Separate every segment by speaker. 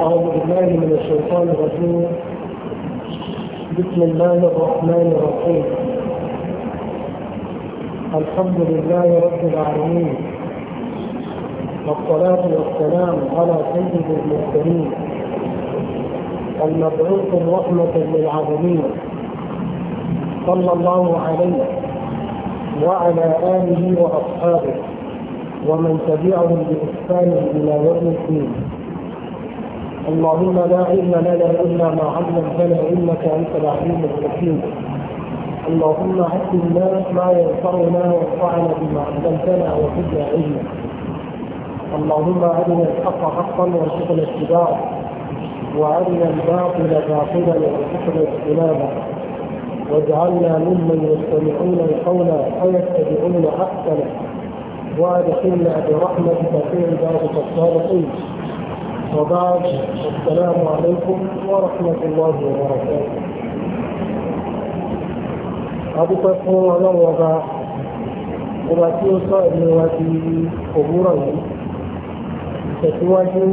Speaker 1: أعوذ بالله من الشيطان الرجيم بسم الله الرحمن الرحيم الحمد لله رب العالمين والصلاة والسلام على سيد المرسلين المبعوث رحمة للعالمين صلى الله عليه وعلى آله وأصحابه ومن تبعهم بإحسان إلى يوم الدين اللهم لا علم لنا الا ما علمتنا انك انت العليم الحكيم اللهم علمنا ما ينفعنا وانفعنا بما علمتنا وزدنا علما اللهم ارنا الحق حقا وارزقنا اتباعه وارنا الباطل باطلا وارزقنا اجتنابه واجعلنا ممن يستمعون القول فيتبعون احسنه وادخلنا برحمتك في عبادك الصالحين وبعد السلام عليكم ورحمة الله وبركاته adúpẹ́ fún ọlọ́run ọba ọba tí ó sọ ẹ̀mí wa di òwúrọ̀ yìí ìtẹ̀síwájú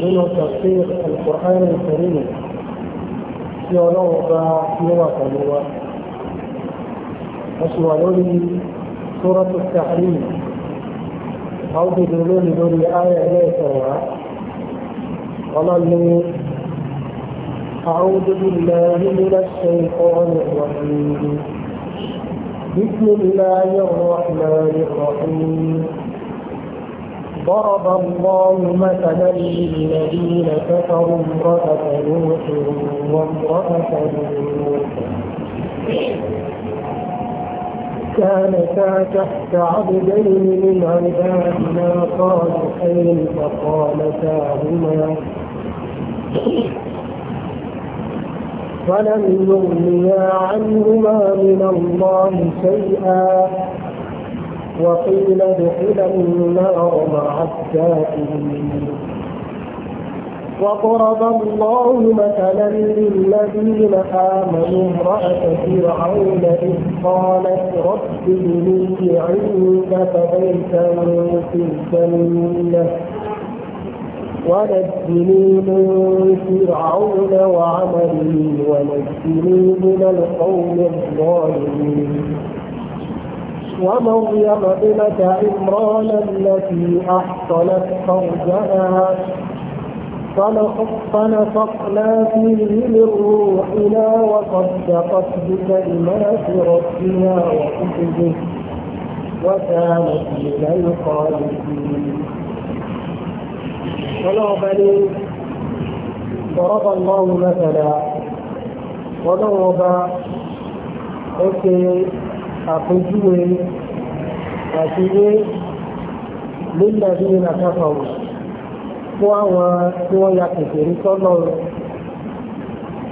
Speaker 1: nínú tafsir al-Qur'an al-Karim tí ọlọ́run ọba ní wà pẹ̀lú wa a sì wà lórí Surat at-Tahrim a ó dìde lórí lórí ayé ẹlẹ́ẹ̀kẹwàá قلم أعوذ بالله من الشيطان الرجيم بسم الله الرحمن الرحيم ضرب الله مثلا للذين كفروا امرأة نوح وامرأة
Speaker 2: نوح كانتا
Speaker 1: تحت عبدين من عبادنا صالحين فقالتا هما فلن يغنيا عنهما من الله شيئا وقيل ادخلا النار مع الساكنين وضرب الله مثلا للذين آمنوا امرأة فرعون إذ قالت رب ابني عندك بيتا في الجنة ونجني من فرعون وعمله ونجني من القوم الظالمين ومريم ابنة عمران التي أحصلت فرجها فنفقنا فيه من روحنا وصدقت بكلمات ربنا وكتبه وكانت من القانتين ọlọ́run bá ní ضرب الله مثلا ọlọ́run ọba ó ṣe àpèjúwe àti ní lílẹ̀dínlẹ̀ àkàkọ̀ọ̀ fún àwọn tí wọ́n ya kèfèrí sọ́nà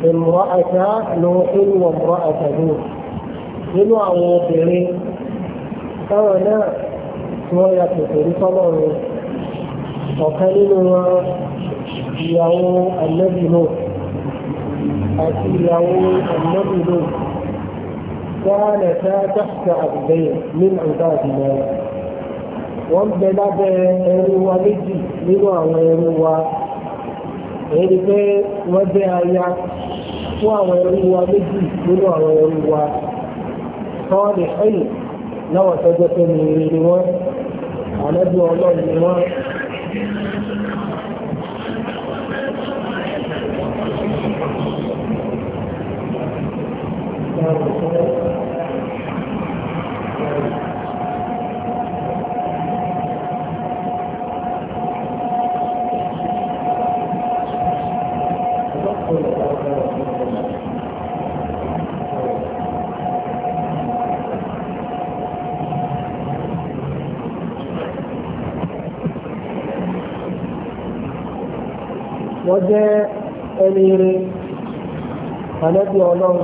Speaker 1: ìmọ̀ àṣà lọ inú ọmọ àṣà náà nínú àwọn obìnrin táwọn náà tí wọ́n ya kèfèrí sọ́nà rẹ̀ ọ̀kan nínú wọn ìyàwó ànábì náà àti ìyàwó ànábì náà كانتا تحت عبدين من عبادنا wọ́n bẹ lábẹ́ ẹrú wa méjì nínú àwọn ẹrú wa èyí pé wọ́n bẹ aya fún àwọn ẹrú wa méjì nínú àwọn ẹrú wa sọ́ọ̀lì ẹ̀yìn láwọn tọ́jọ́ pé ní ìrírí àlẹ́bí ọlọ́run ni wọ́n Thank you. ẹni rẹ̀ ànábì ọlọ́run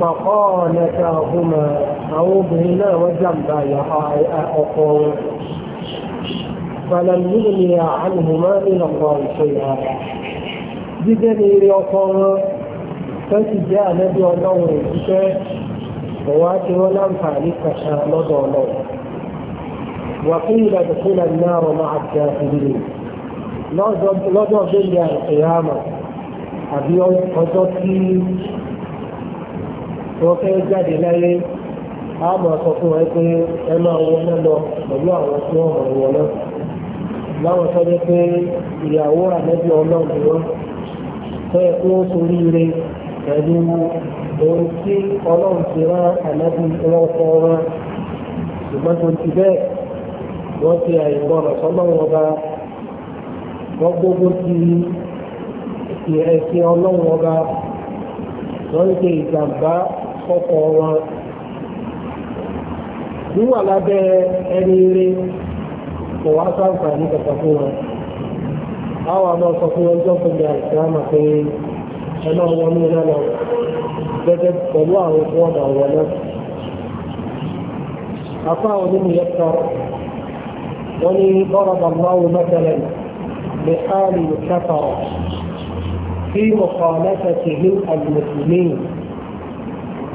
Speaker 1: pàpọ̀ ọ̀nẹ́ta وجنبا يا obìnrin فلم يغني عنهما من الله شيئا بدليل يقول فتجاء نبي الله رجل وواتي ولم فعلك شامد الله وقيل ادخل النار مع الكافرين لا ضد القيامه àbí ọjọ́ tí wọ́n fẹ́ jáde láyé a máa sọ fún wọn pé ẹ máa wọlé lọ pẹ̀lú àwọn tí wọ́n mọ̀ wọ́n náà láwọn sọ pé pé ìyàwó àlẹ́bí ọlọ́run wọn fẹ́ kí wọ́n sorí ire pẹ̀lú ohun tí ọlọ́run ti rán àlẹ́bí wọn fọ́ wọn ṣùgbọ́n tó ti bẹ́ẹ̀ wọ́n ti àìgbọràn sọ́lọ́run ọba wọ́n gbógun ti ẹ̀sìn ọlọ́run ọba wọ́n ń ṣe ìjàmbá ọkọ̀ wọn. wíwà lábẹ́ ẹni eré kò wá sáǹfààní kankan fún wọn. àwọn àmọ́ sọ fún wọn jọ́ fún mi àìsàn pé ẹ náà wọnú náà lọ gẹ́gẹ́ pẹ̀lú àwọn tí wọ́n bá wọn náà. أطاع من يسر ولي ضرب الله مثلا لحال كفر في مخالفتهم المسلمين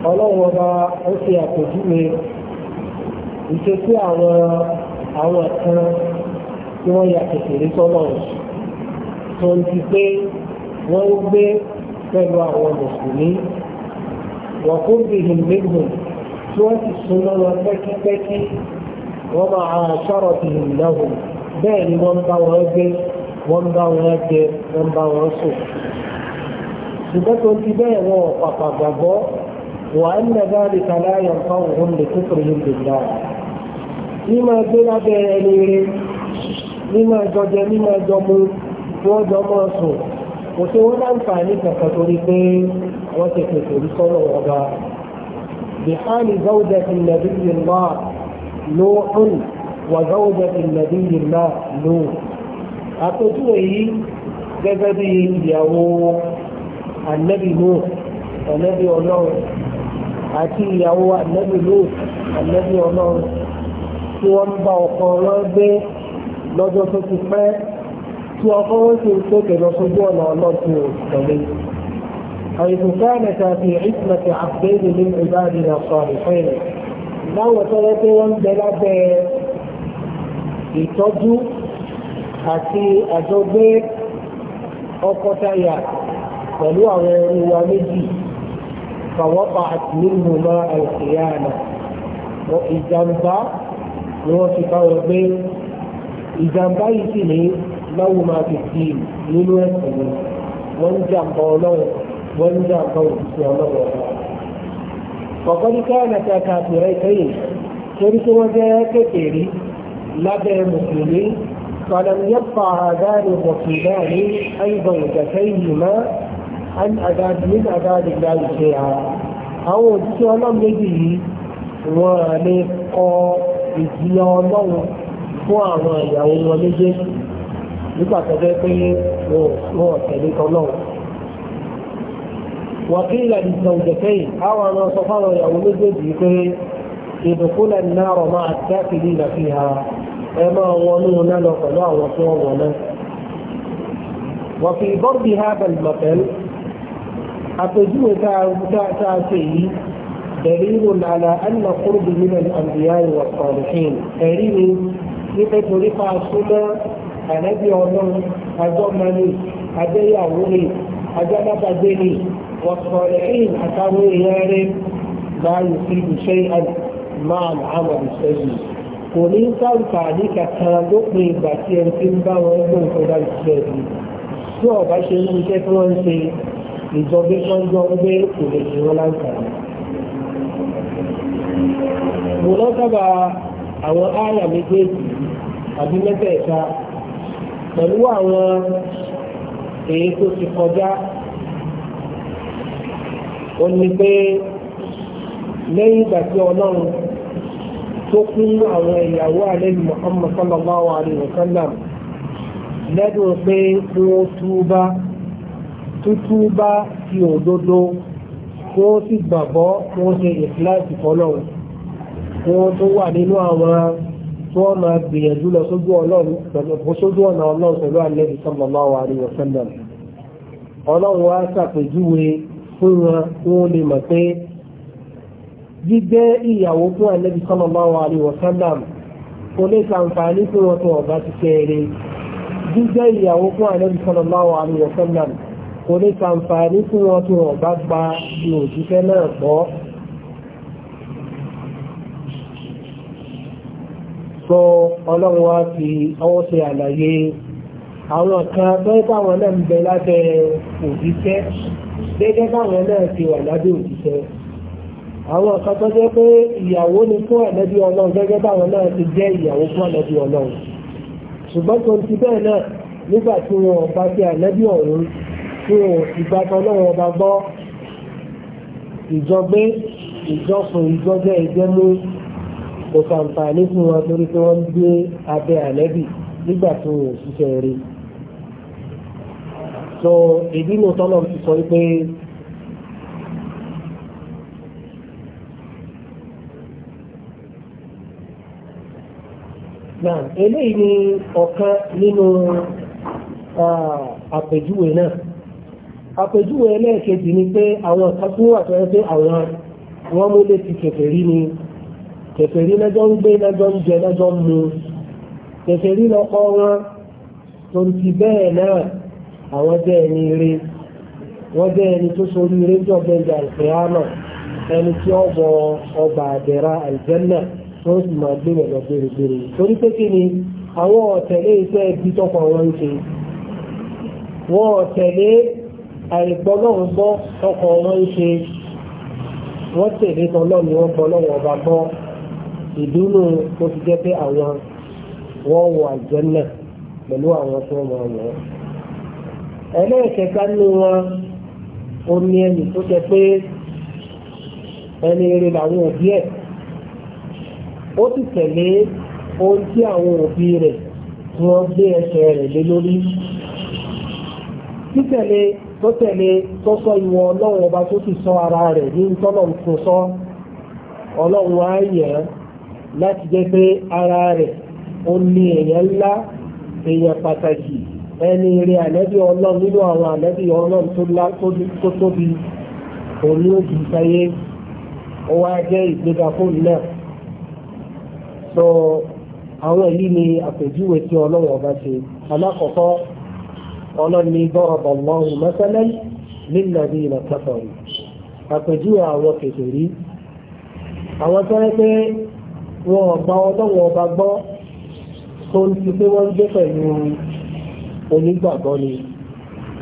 Speaker 1: ọlọ́run ọba ó ṣe àpèjúwe ìṣe sí àwọn àwọn kan tí wọ́n ya kékeré sọ́lọ́run tó ń ti pé wọ́n ń gbé pẹ̀lú àwọn mùsùlùmí wọ́n kún bí hìmíhùn tí wọ́n ti súnmọ́ wọn pẹ́kípẹ́kí wọ́n máa ṣọ́rọ̀ bí hìmíhùn bẹ́ẹ̀ ni wọ́n bá wọn gbé wọ́n bá wọn jẹ wọ́n bá wọn sùn ṣùgbọ́n tó ti bẹ́ẹ̀ wọn pàpà gbàgbọ́ wà á nà dáàbì kàlá yàn fáwọn ohun lè tó pèrè yìí dèjà ní máa gbé lábẹ́ ẹni بحال زوجة النبي الله نوح وزوجة النبي الله نوح àpèjúwe yìí gẹ́gẹ́ bí ànábì Nuh ànábì ọlọ́run àti ìyàwó ànábì Nuh ànábì ọlọ́run tí wọ́n ń bá ọkọ wọn gbé lọ́jọ́ tó ti pẹ́ tí ọkọ wọn sì ń pèkè lọ sójú ọ̀nà ọlọ́tún òtẹ̀lé. حيث كانت في عصمة عبدين من عبادنا الصالحين láwọn tọ́lẹ́ pé wọ́n ń bẹ lábẹ́ ìtọ́jú àti àjọgbé ọkọtaya pẹ̀lú àwọn ẹrú wa méjì fàwọ́pà àti nínú ma àìsíyá àná wọ́n ìjàmbá ni wọ́n ti bá wọn gbé ìjàmbá yìí sì ní láwùú máa fi di nínú ẹ̀sìn ni wọ́n ń jàmbá ọlọ́run wọ́n ń jàmbá òṣìṣẹ́ ọlọ́run ọ̀la. ọ̀kọ́ni káyọ̀nà tí a kà àpèrè ìkẹyìn torí tí wọ́n jẹ́ kékeré lábẹ́ mùsùlùmí فلم يبقى هذان الرسولان أيضا كتيهما àdáàdì ní àdáàdì láì ṣe ara àwọn òṣìṣẹ́ ọlọ́run méjì yìí wọ́n lè kọ ìjìyà ọlọ́run fún àwọn ìyàwó wọn méjèèjì nígbà tó fẹ́ pé wọn tẹ̀lé tọlọ́run wàkílà ìsọ̀jẹ̀kẹ́yì àwọn ọmọ sọ fáwọn ìyàwó méjèèjì pé ìdùkúlẹ̀ náà rọ̀ máa dákìlì ìlàfíà ẹ máa wọnú náà lọ pẹ̀lú àwọn tó wọ̀ náà wọ́n fi bọ́ọ̀dì hábẹ̀lì mọ̀tẹ́lì àpèjúwe tá a ṣe yìí dẹ̀ríwò lálá ẹnà kúrúbù nínú àbíyá ìwà sọ̀rọ̀hìn ẹ̀rí ni nípa torí pa súnmọ́ ànábì ọlọ́run àjọmọ́ni àjẹyàwó ni àjọmọ́tàgbé ni wọ̀sọ̀rọ̀hìn àtàwọn èèyàn rẹ̀ máa yìí sí iṣẹ́ àná máa làwọn ìṣẹ́yìn kò ní sáǹkà ní kàkà lópin ìgbà tí ẹni tí ń bá wọn gbọ́n ìjọba ìjọ ń gbé òde ìrọ́ láǹfààní. mo lọ sábà àwọn áyà méjèèjì àbí mẹ́tẹ̀ẹ̀ta pẹ̀lú àwọn èyí tó ti kọjá ó ní pé lẹ́yìn ìgbà tí ọlọ́run tó kún àwọn ìyàwó àlẹ́lù Muhammad sallallahu alayhi wa sallam lẹ́dùn pé kí wọ́n túbá tútúbá ti òdodo kí wọ́n sì gbàgbọ́ kí wọ́n ṣe ìkíláàsì fọlọ́run kí wọ́n tó wà nínú àwọn tí wọ́n máa gbìyànjú lọ sójú ọlọ́run sójú ọ̀nà ọlọ́run pẹ̀lú àlẹ́bí sallallahu alaihi wasallam ọlọ́run wá ṣàpèjúwe fún wọn kí wọ́n lè mọ̀ pé gbígbé ìyàwó fún àlẹ́bí sallallahu alaihi wasallam kò lè ṣàǹfààní fún wọn tó ọ̀gá ti ṣe eré gbígbé ìyàwó fún àlẹ́bí sallallahu alaihi wasallam kò lè ṣàǹfààní fún wọn tí wọn bá gba ti òjíṣẹ́ náà gbọ́. so ọlọ́run wa fi ọwọ́ ṣe àlàyé àwọn kan tó ń báwọn náà ń bẹ lábẹ́ òjíṣẹ́ gẹ́gẹ́ báwọn náà ti wà lábẹ́ òjíṣẹ́ àwọn kan tó jẹ́ pé ìyàwó ni fún ẹ̀lẹ́bí ọlọ́run gẹ́gẹ́ báwọn náà ti jẹ́ ìyàwó fún ẹ̀lẹ́bí ọlọ́run ṣùgbọ́n tó ti bẹ́ẹ̀ náà nígbà tí wọn bá ti ẹ̀lẹ́bí ọ̀run tí o ìgbàtọ̀ ọlọ́run ọba gbọ́ ìjọgbé ìjọsùn ìjọjẹ́ ìjẹ́mú kò sàǹfààní fún wọn torí pé wọ́n gbé abẹ́ àlẹ́bì nígbà tó o ṣiṣẹ́ rí so ìdínú tọ́lọ̀ ti sọ pé náà eléyìí ni ọ̀kan nínú ah, àpèjúwe náà àpèjúwe ẹlẹ́ẹ̀kejì ni pé àwọn kan tún wà tẹ́lẹ̀ pé àwọn wọ́n mú létí kèfèrí ni kèfèrí lẹ́jọ́ ń gbé lẹ́jọ́ ń jẹ lẹ́jọ́ ń mu kèfèrí lọ́kọ́ wọn tó ń ti bẹ́ẹ̀ náà àwọn jẹ́ ẹni ire wọ́n jẹ́ ẹni tó sórí ire jọ gbẹ̀ngà ìfẹ́hánà ẹni tí ó wọ ọgbà àdẹ̀rà àlùjánnà tó sì máa gbé lọ gbèrègbèrè torí pé kí ni àwọn ọ̀tẹ̀lé iṣẹ́ ibi tọ́kọ̀ wọn ń ṣe wọ́n ọ̀tẹ̀lé àìgbọ́ lọ́wọ́ gbọ́ jẹ́ pé àwọn wọ́n wọ àjẹ́nà pẹ̀lú àwọn tó wọ́n wọ́n. ẹlẹ́ẹ̀kẹta nínú wọn ó ní ẹni tó jẹ pé ẹni eré làwọn òbí ẹ̀ ó sì tẹ̀lé ohun tí àwọn òbí rẹ̀ wọ́n gbé ẹsẹ̀ rẹ̀ lé lórí tó tẹ̀lé tó sọ ìwọ ọlọ́run ọba tó ti sọ ara rẹ̀ ní tọ́lọ̀n tó sọ ọlọ́run á yẹ̀ ẹ́ láti jẹ́ pé ara rẹ̀ ó ní èèyàn ńlá èèyàn pàtàkì ẹni eré ànẹ́bí ọlọ́run nínú àwọn ànẹ́bí ọlọ́run tó tóbi òun ló so àwọn èyí ni àpèjúwe tí ọlọ́run ọba ṣe ọlọ́ni bọ́rọ̀bọ̀ lọ́rùn mẹ́sẹ́lẹ́ nílẹ̀bí ilẹ̀ kẹfọ̀rì àpèjúwe àwọn kèfèrí àwọn tó rẹ́ pé wọn ọ̀gbà ọlọ́wọ́ ọba gbọ́ tó ń ti pé wọ́n ń gbé pẹ̀lú onígbàgbọ́ ni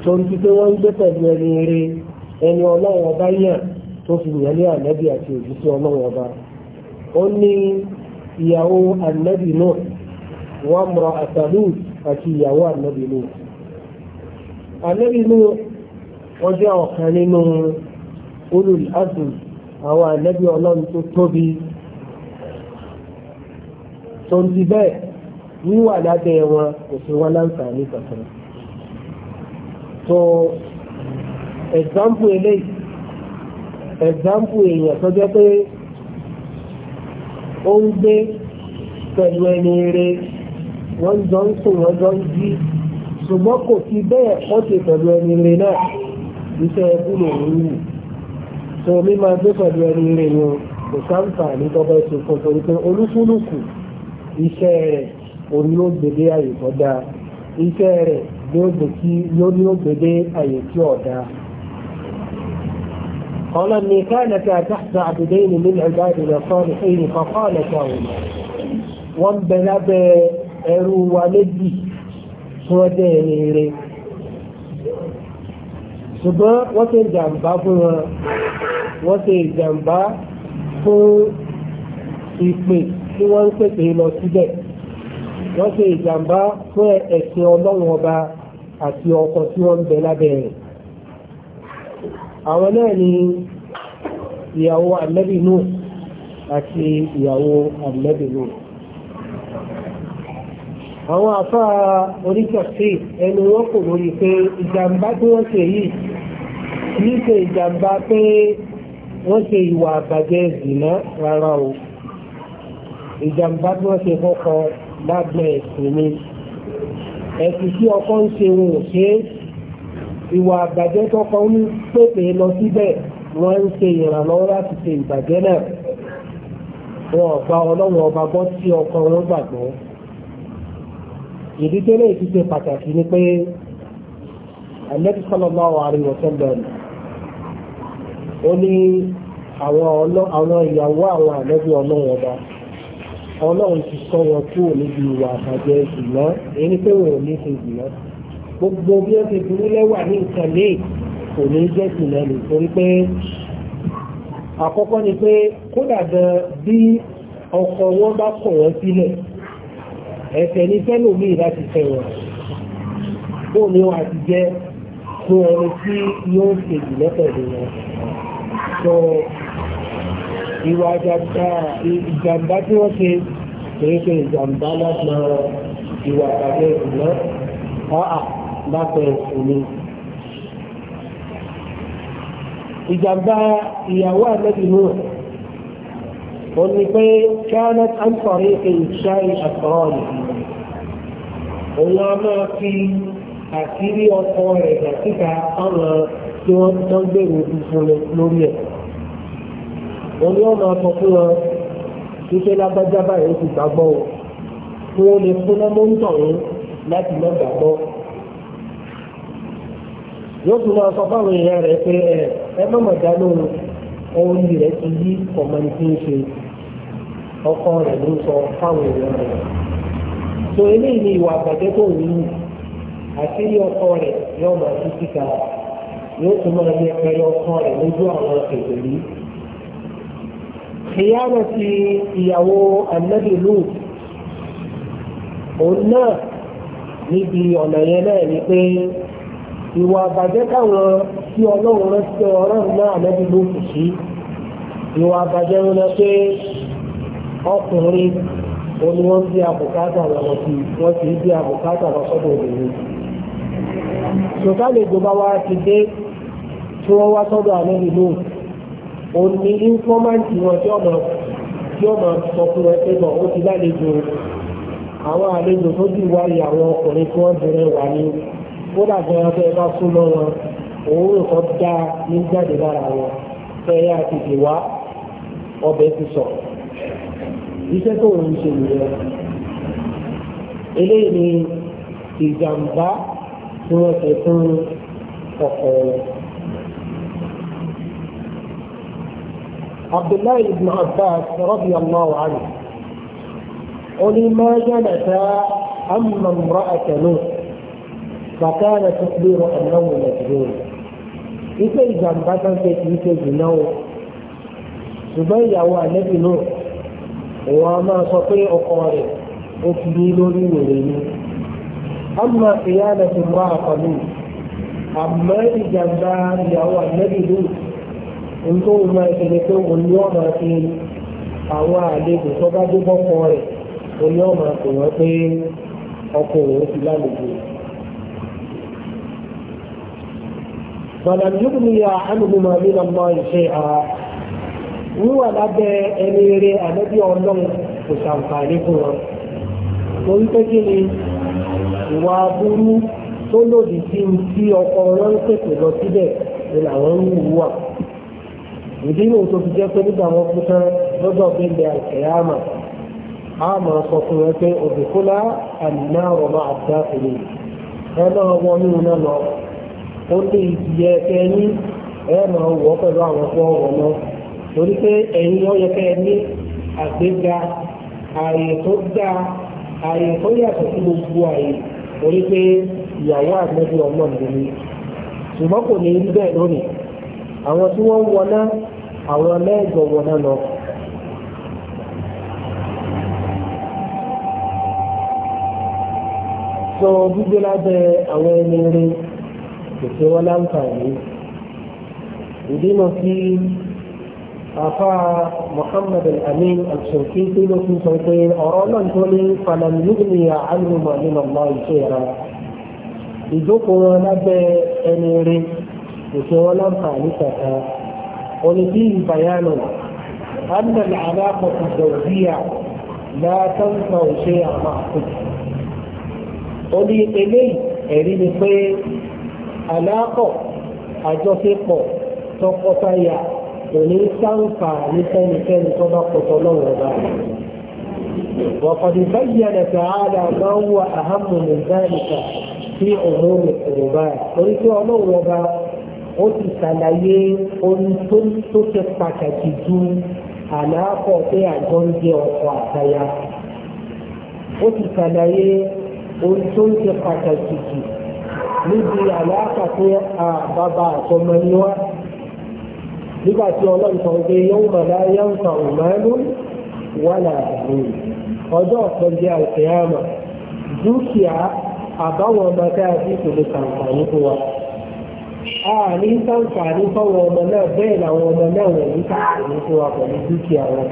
Speaker 1: tó ń ti pé wọ́n ń gbé pẹ̀lú ẹni eré ẹni ọlọ́wọ́ ọba yàn tó fi yàn ní ànẹ́bí àti òjútì ọlọ́wọ́ ọba ó ní ìyàwó ànẹ́bí náà wọ́n mọ àtàlù àti ìyàwó ànẹ́bí náà ànábì inú wọn jẹ́ ọ̀kan nínú ulul azm àwọn ànábì ọlọ́run tó tóbi tó ń di bẹ́ẹ̀ wíwà lábẹ́ wọn kò sí wọn láǹfààní kankan. so example eléyìí example èèyàn tó jẹ́ pé ó ń gbé pẹ̀lú ẹni eré wọ́n jọ ń sùn wọ́n jọ ń jí ṣùgbọ́n kò fi bẹ́ẹ̀ ó ti pẹ̀lú ẹni rẹ̀ náà iṣẹ́ ẹkú lòun wù so mi máa gbé pẹ̀lú ẹni rẹ̀ ni kò sáǹfà ní tọ́gbẹ́ ṣe fún torí pé olúkúlùkù iṣẹ́ rẹ̀ òun ló gbèdé àyè tó dáa iṣẹ́ rẹ̀ ló gbèdé àyè tí ò dáa. قال اني كانتا تحت عبدين من عبادنا الصالحين فقالتا هما وانبلب اروا ولدي tí wọ́n jẹ́ ẹni rere ṣùgbọ́n wọ́n ṣe ìjàmbá fún wọn wọ́n ṣe ìjàmbá fún ìpè tí wọ́n ń pèsè lọ síbẹ̀ wọ́n ṣe ìjàmbá fún ẹ̀sìn ọlọ́run ọba àti ọkọ̀ tí wọ́n ń bẹ lábẹ́ rẹ̀ àwọn náà ni ìyàwó ànábì àti ìyàwó ànábì àwọn afá oníkọ̀sí ẹnu wọn kò lórí pé ìjàmbá tí wọ́n ṣe yìí kìí ṣe ìjàmbá pé wọ́n ṣe ìwà àbàjẹ́ ìdìnà rárá o ìjàmbá tí wọ́n ṣe kọ́kọ́ lábẹ́ ẹ̀sìn ni ẹ̀sìn tí ọkọ ń ṣe wọn ò ṣe ìwà àbàjẹ́ tọkọ ń pèpè lọ síbẹ̀ wọ́n ń ṣe ìrànlọ́wọ́ láti ṣe ìbàjẹ́ náà wọn ò ọlọ́wọ́ ọba gbọ́ tí ọkọ wọn gbàgbọ́ ìdíjẹ́lẹ̀ ti ṣe pàtàkì ni pé Ànábì sallallahu alaihi wa sallam ó ní àwọn ìyàwó àwọn ànábì ọlọ́run ọba ọlọ́run ti sọ wọn kúrò níbi ìwà àbàjẹ́ ìgbìmọ èyí pé wọn ò ní ṣe ìgbìmọ gbogbo bí wọn ti burú lẹ́wà ní nǹkan lè kò ní jẹ́ ìgbìmọ lè torí pé àkọ́kọ́ ni pé kódà gan bí ọkọ wọn bá kọ̀ wọ́n sílẹ̀ ẹ̀ṣẹ̀ ní tẹ́lòmí láti fẹ́ wọn tó ní wọn àti jẹ́ fún ẹni tí yóò ṣe jù lẹ́pẹ̀lú wọn sọ ìwà ìjàmbá tí wọ́n ṣe kìí ṣe ìjàmbá láti ìwà àgbẹ̀ ìlọ́ ọ̀hà lápẹ̀ òní ìjàmbá ìyàwó àlẹ́bí والنقي كانت عن طريق إنشاء أسراره وما في أكيد أقوى ذاتك أنا يوم تنظر بفلوريا واليوم أتقوى Iṣẹ́ lágbájábá yóò ti gbàgbọ́ o. Kí wọ́n lè fún lọ́mọ́ńtọ̀ yín láti lọ gbàgbọ́. Yóò tún máa sọ fáwọn èèyàn rẹ̀ ọkọ rẹ̀ ló sọ fáwọn èèyàn rẹ̀ tó eléyìí ni ìwà àgbàjẹ́ tó wù ú àṣírí ọkọ rẹ̀ yóò máa tú síta yóò tún máa yẹ pẹ̀lú ọkọ rẹ̀ lójú àwọn èdèlú. ìyáàmọ̀ ti ìyàwó anabi Lut òun náà níbi ọ̀nà yẹn náà ni pé ìwà àbàjẹ́ káwọn tí ọlọ́run rẹ́ sí ọlọ́run náà anabi Lut sí ìwà àbàjẹ́ wọn lọ pé ọkùnrin òní wọ́n bí àbùkátà lọ́wọ́ sí wọ́n sì bí àbùkátà lọ́sọ́dọ̀ òbí. sọ̀tàlẹ̀ ìjọba wa ti dé tí wọ́n wá sọ́dọ̀ àná ìlú òní ínfọ́máǹtì wọn tí ọmọ tí ọmọ sọ fún ẹ pé bọ̀ ó ti lálejò àwọn àlejò tó ti wáyé àwọn ọkùnrin tí wọ́n bẹ̀rẹ̀ wà ní kódà gan-an tẹ́ ẹ bá súnmọ́ wọn òórùn kan dá ní jáde lára wọn tẹ́ ẹ yá ti wá ọbẹ̀ ti sọ̀rọ̀ iṣẹ́ tó ń ṣe nìyẹn eléyìí ni ìjàmbá tí wọ́n ṣe
Speaker 2: fún ọkọ̀ rẹ̀.
Speaker 1: عبد الله بن عباس رضي الله عنه قل ما جلتا أما امرأة نوح فكانت تخبر أنه مجنون إذا جنبتا في إذا جنو سبيا ونبي نوح wa ma ọ sọ pé ọkọ rẹ̀ ó fi ní lórí wèrè ni. أما خيانة امرأة لوط àmọ́ ìjàmbá ìyàwó àlẹ́bí lóò ń tó máa ṣẹlẹ̀ pé òun ni wọ́n máa fi àwọn àlejò tó bá dé bọ́kọ rẹ̀ òun ni wọ́n pé ọkọ òun ti lálejò. ya mi lọ́mọ ìṣe wíwà lábẹ́ ẹni eré ànábì ọlọ́run kò ṣàǹfààní fún wọn torí pé kí ni ìwà aburú tó lòdì sí ní tí ọkọ wọn ń pèsè lọ síbẹ̀ ni làwọn ń wù wà ìdí nù tó fi jẹ́ pé nígbà wọn kú tán lọ́dọ̀ bẹ́ẹ̀ àìsẹ̀ àmà àmà sọ fún wọn pé òdìkúlá àmìnà wọn ní iná lọ torí pé ẹ̀yin ọ̀yẹ́ kẹ́ ẹ ní àgbéga ààyè tó dáa ààyè tó yàtọ̀ sí gbogbo ààyè torí ìyàwó àgbẹ̀bí ọlọ́run ni ṣùgbọ́n kò ní rí bẹ́ẹ̀ lónìí àwọn tí wọ́n wọná àwọn mẹ́jọ wọná lọ. sọ gbígbé lábẹ́ àwọn ẹni rí kò ṣe wọ́n láǹfààní أفا محمد الأمين الشنقيطي له في صوتين أرانا الجولي فلم يغني عنه ما من الله شيئا ìjókòó wọn lábẹ́ ẹni rí òṣè wọn láǹfààní kàkà oníbí ìbáyánù أن العلاقة الزوجية لا تنفع شيئا معكم ó ní eléyìí ẹ̀rí ni pé aláàkọ̀ kò ní sáǹfà ní sẹ́nikẹ́ni tó bá pọ̀tọ́ lọ́wọ́ bá وقد بين تعالى ما هو أهم من ذلك في عموم القربات قلت ọlọ́run ọba ó ti ṣàlàyé ohun tó tó ṣe pàtàkì ju àlàáfọ̀ pé àjọ ń jẹ ọkọ̀ àtàyà ó ti ṣàlàyé ohun tó ń ṣe pàtàkì jù níbi àlàáfà pé àbábà àtọmọ ni wá nígbà tí ọlọ́run sọ pé yóò mọ̀ lá yóò sọ òmàánú wà láàbù ọjọ́ ọ̀pọ̀ jẹ́ àìsèyàmà dúkìá àbáwọn ọmọ tá a fi kò lè sàǹfààní fún wa. a ní sàǹfààní fáwọn ọmọ náà bẹ́ẹ̀ làwọn ọmọ náà wọ̀ ní sàǹfààní fún wa pẹ̀lú dúkìá wọn.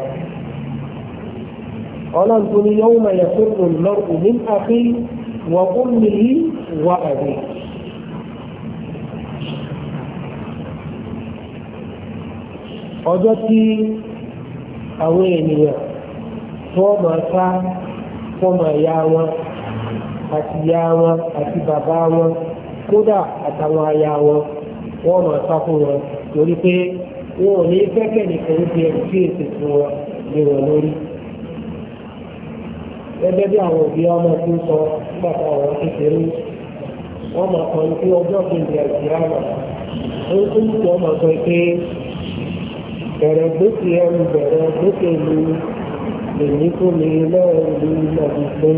Speaker 1: ọlọ́run tó ní yóò mọ̀ yẹ fún òmìnira òmìnira àfi wọ́n kún mi yí wọ́n àbí. ọjọ́ tí àwọn ènìyàn tó máa sá fọmọ wọn àti ìyá wọn àti bàbá wọn kódà àtàwọn aya wọn wọ́n máa sá fún wọn torí pé wọn ò ní fẹ́kẹ̀ nìkan ń fi ẹ̀rù èsì fún wọn lè wọ̀ lórí. gẹ́gẹ́ bí àwọn òbí ọmọ tó ń sọ nígbà kékeré wọ́n pé ọjọ́ bẹ̀rẹ̀ gbèsè ẹrù bẹ̀rẹ̀ gbèsè lu lèmi tó lè lọ́ọ̀rù lu lọ́ọ̀rù pé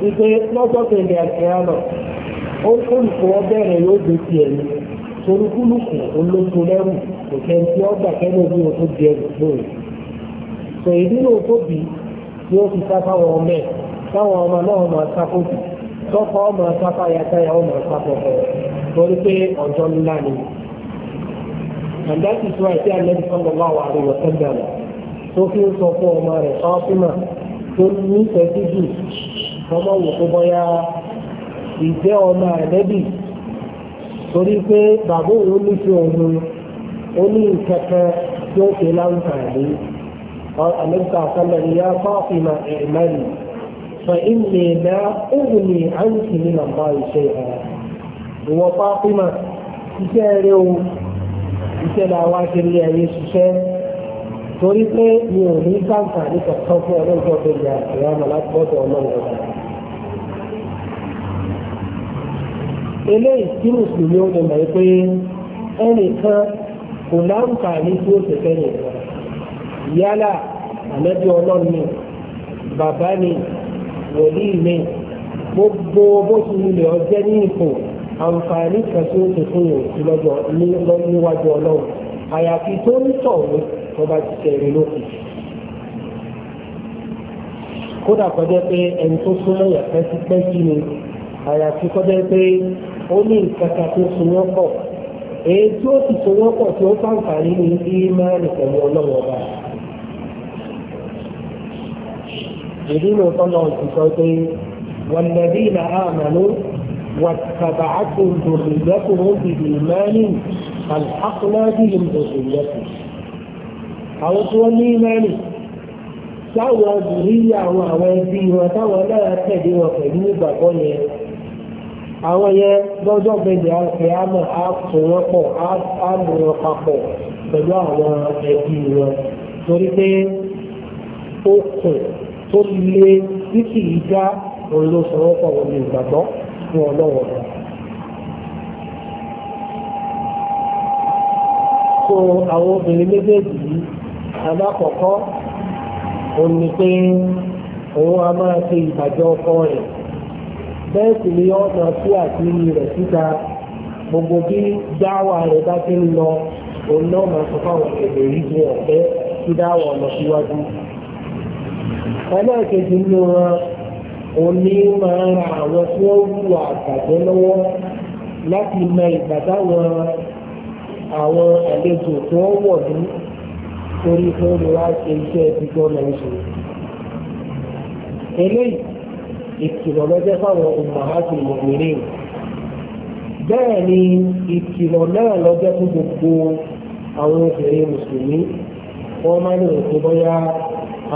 Speaker 1: wípé lọ́jọ́ kejì àti àná ó kólùkù ọbẹ̀rẹ̀ yóò gbèsè ẹ̀mí torí kúlùkù olóṣù lẹ́rù kò kẹ́ni tí ó gbà kẹ́ni ojú o tó di ẹrù lóòrè sọ èdè náà tó bì í tí ó fi sáfá wọn mẹ táwọn ọmọ náà máa sáfó bì tọ́kọ ọmọ sáfá yàtá yà ọmọ sáfó bọ̀ torí pé ọjọ́ ńlá ni and that is why ṣé àlẹ́ sallallahu alaihi wa sallam tó fi ń sọ fún ọmọ rẹ̀ Fatima tó nífẹ̀ẹ́ sí jù ọmọ wò kó bọ́yá ìjẹ́ ọmọ àlẹ́bì torí pé bàbá òun nífẹ̀ẹ́ òun ó ní ìkẹkẹ tí ó ṣe láǹfààní àlẹ́bìtà sálẹ̀ ni yá Fatima ẹ̀mẹ́rin فإني لا أغني عنك من الله شيئا. وفاطمة تجاري iṣẹ́ la wá sí ilé ayé ṣiṣẹ́ torí pé mi ò ní sáǹfà ní kọ̀ọ̀kan fún ọlọ́jọ́ tó yà ìyáàmọ̀ látọ̀dọ̀ ọlọ́run ọ̀dà. eléyìí tí mùsùlùmí ó lè mọ̀ pé ẹnìkan kò láǹfààní tí ó ṣe fẹ́yìn rẹ̀ yálà àlẹ́bí ọlọ́run ni bàbá ni wòlíì ni gbogbo bó ti wulẹ̀ ọjẹ́ ní ipò àǹfààní kan tí ó ti fún yẹn lọ́jọ́ níwájú ọlọ́run àyàfi tó ń tọ̀ ní ọba ti tẹ̀lé lókè. kódà kọjá pé ẹni tó súnmọ́ yẹn pẹ́sípẹ́sí ni àyàfi kọjá pé ó ní ìkẹta tó súnmọ́ pọ̀ èyí tí ó ti súnmọ́ pọ̀ tí ó fàǹfààní ní ìmáàlì pẹ̀lú ọlọ́run ọba. ìdí ni ó tọ́lọ́ ti sọ pé wàlẹ́bí ìlà àmàlú واتبعتهم ذريتهم بإيمان ألحقنا بهم ذريتهم àwọn tí wọ́n ní ìmánì táwọn ìrírí àwọn àwọn ẹbí wọn táwọn náà tẹ̀lé wọn pẹ̀lú ìgbàgbọ́ yẹn àwọn yẹn lọ́jọ́ gbẹ̀dẹ̀ àfẹ́ àmọ́ àtún wọn pọ̀ àmọ́ wọn papọ̀ le fún ọlọ́wọ́ rẹ̀. so àwọn obìnrin méjèèjì yìí alákọ̀ọ́kọ́ òun ni pé òun a máa ṣe ìbàjẹ́ ọkọ rẹ̀ bẹ́ẹ̀ sì ni yọ́ máa tú àṣírí rẹ̀ síta gbogbo bí dáwà rẹ̀ bá ti ń lọ òun náà máa sọ fáwọn èdè yìí ní ọ̀fẹ́ kí dáwà ọ̀nà síwájú. ẹlẹ́ẹ̀kejì nínú wọn òní máa ra àwọn tí wọ́n wù àgbàjẹ́ lọ́wọ́ láti mọ ìgbà táwọn àwọn àlejò tí wọ́n wọ̀ ní torí pé ó lè wá ṣe iṣẹ́ ìdíjọ́ náà ṣe. eléyìí ìkìlọ̀ lọ́jọ́ fáwọn ọmọláṣí ìmọ̀mìnrin bẹ́ẹ̀ ni ìkìlọ̀ náà lọ́jọ́ fún gbogbo àwọn obìnrin mùsùlùmí wọ́n máa ń rò pé bóyá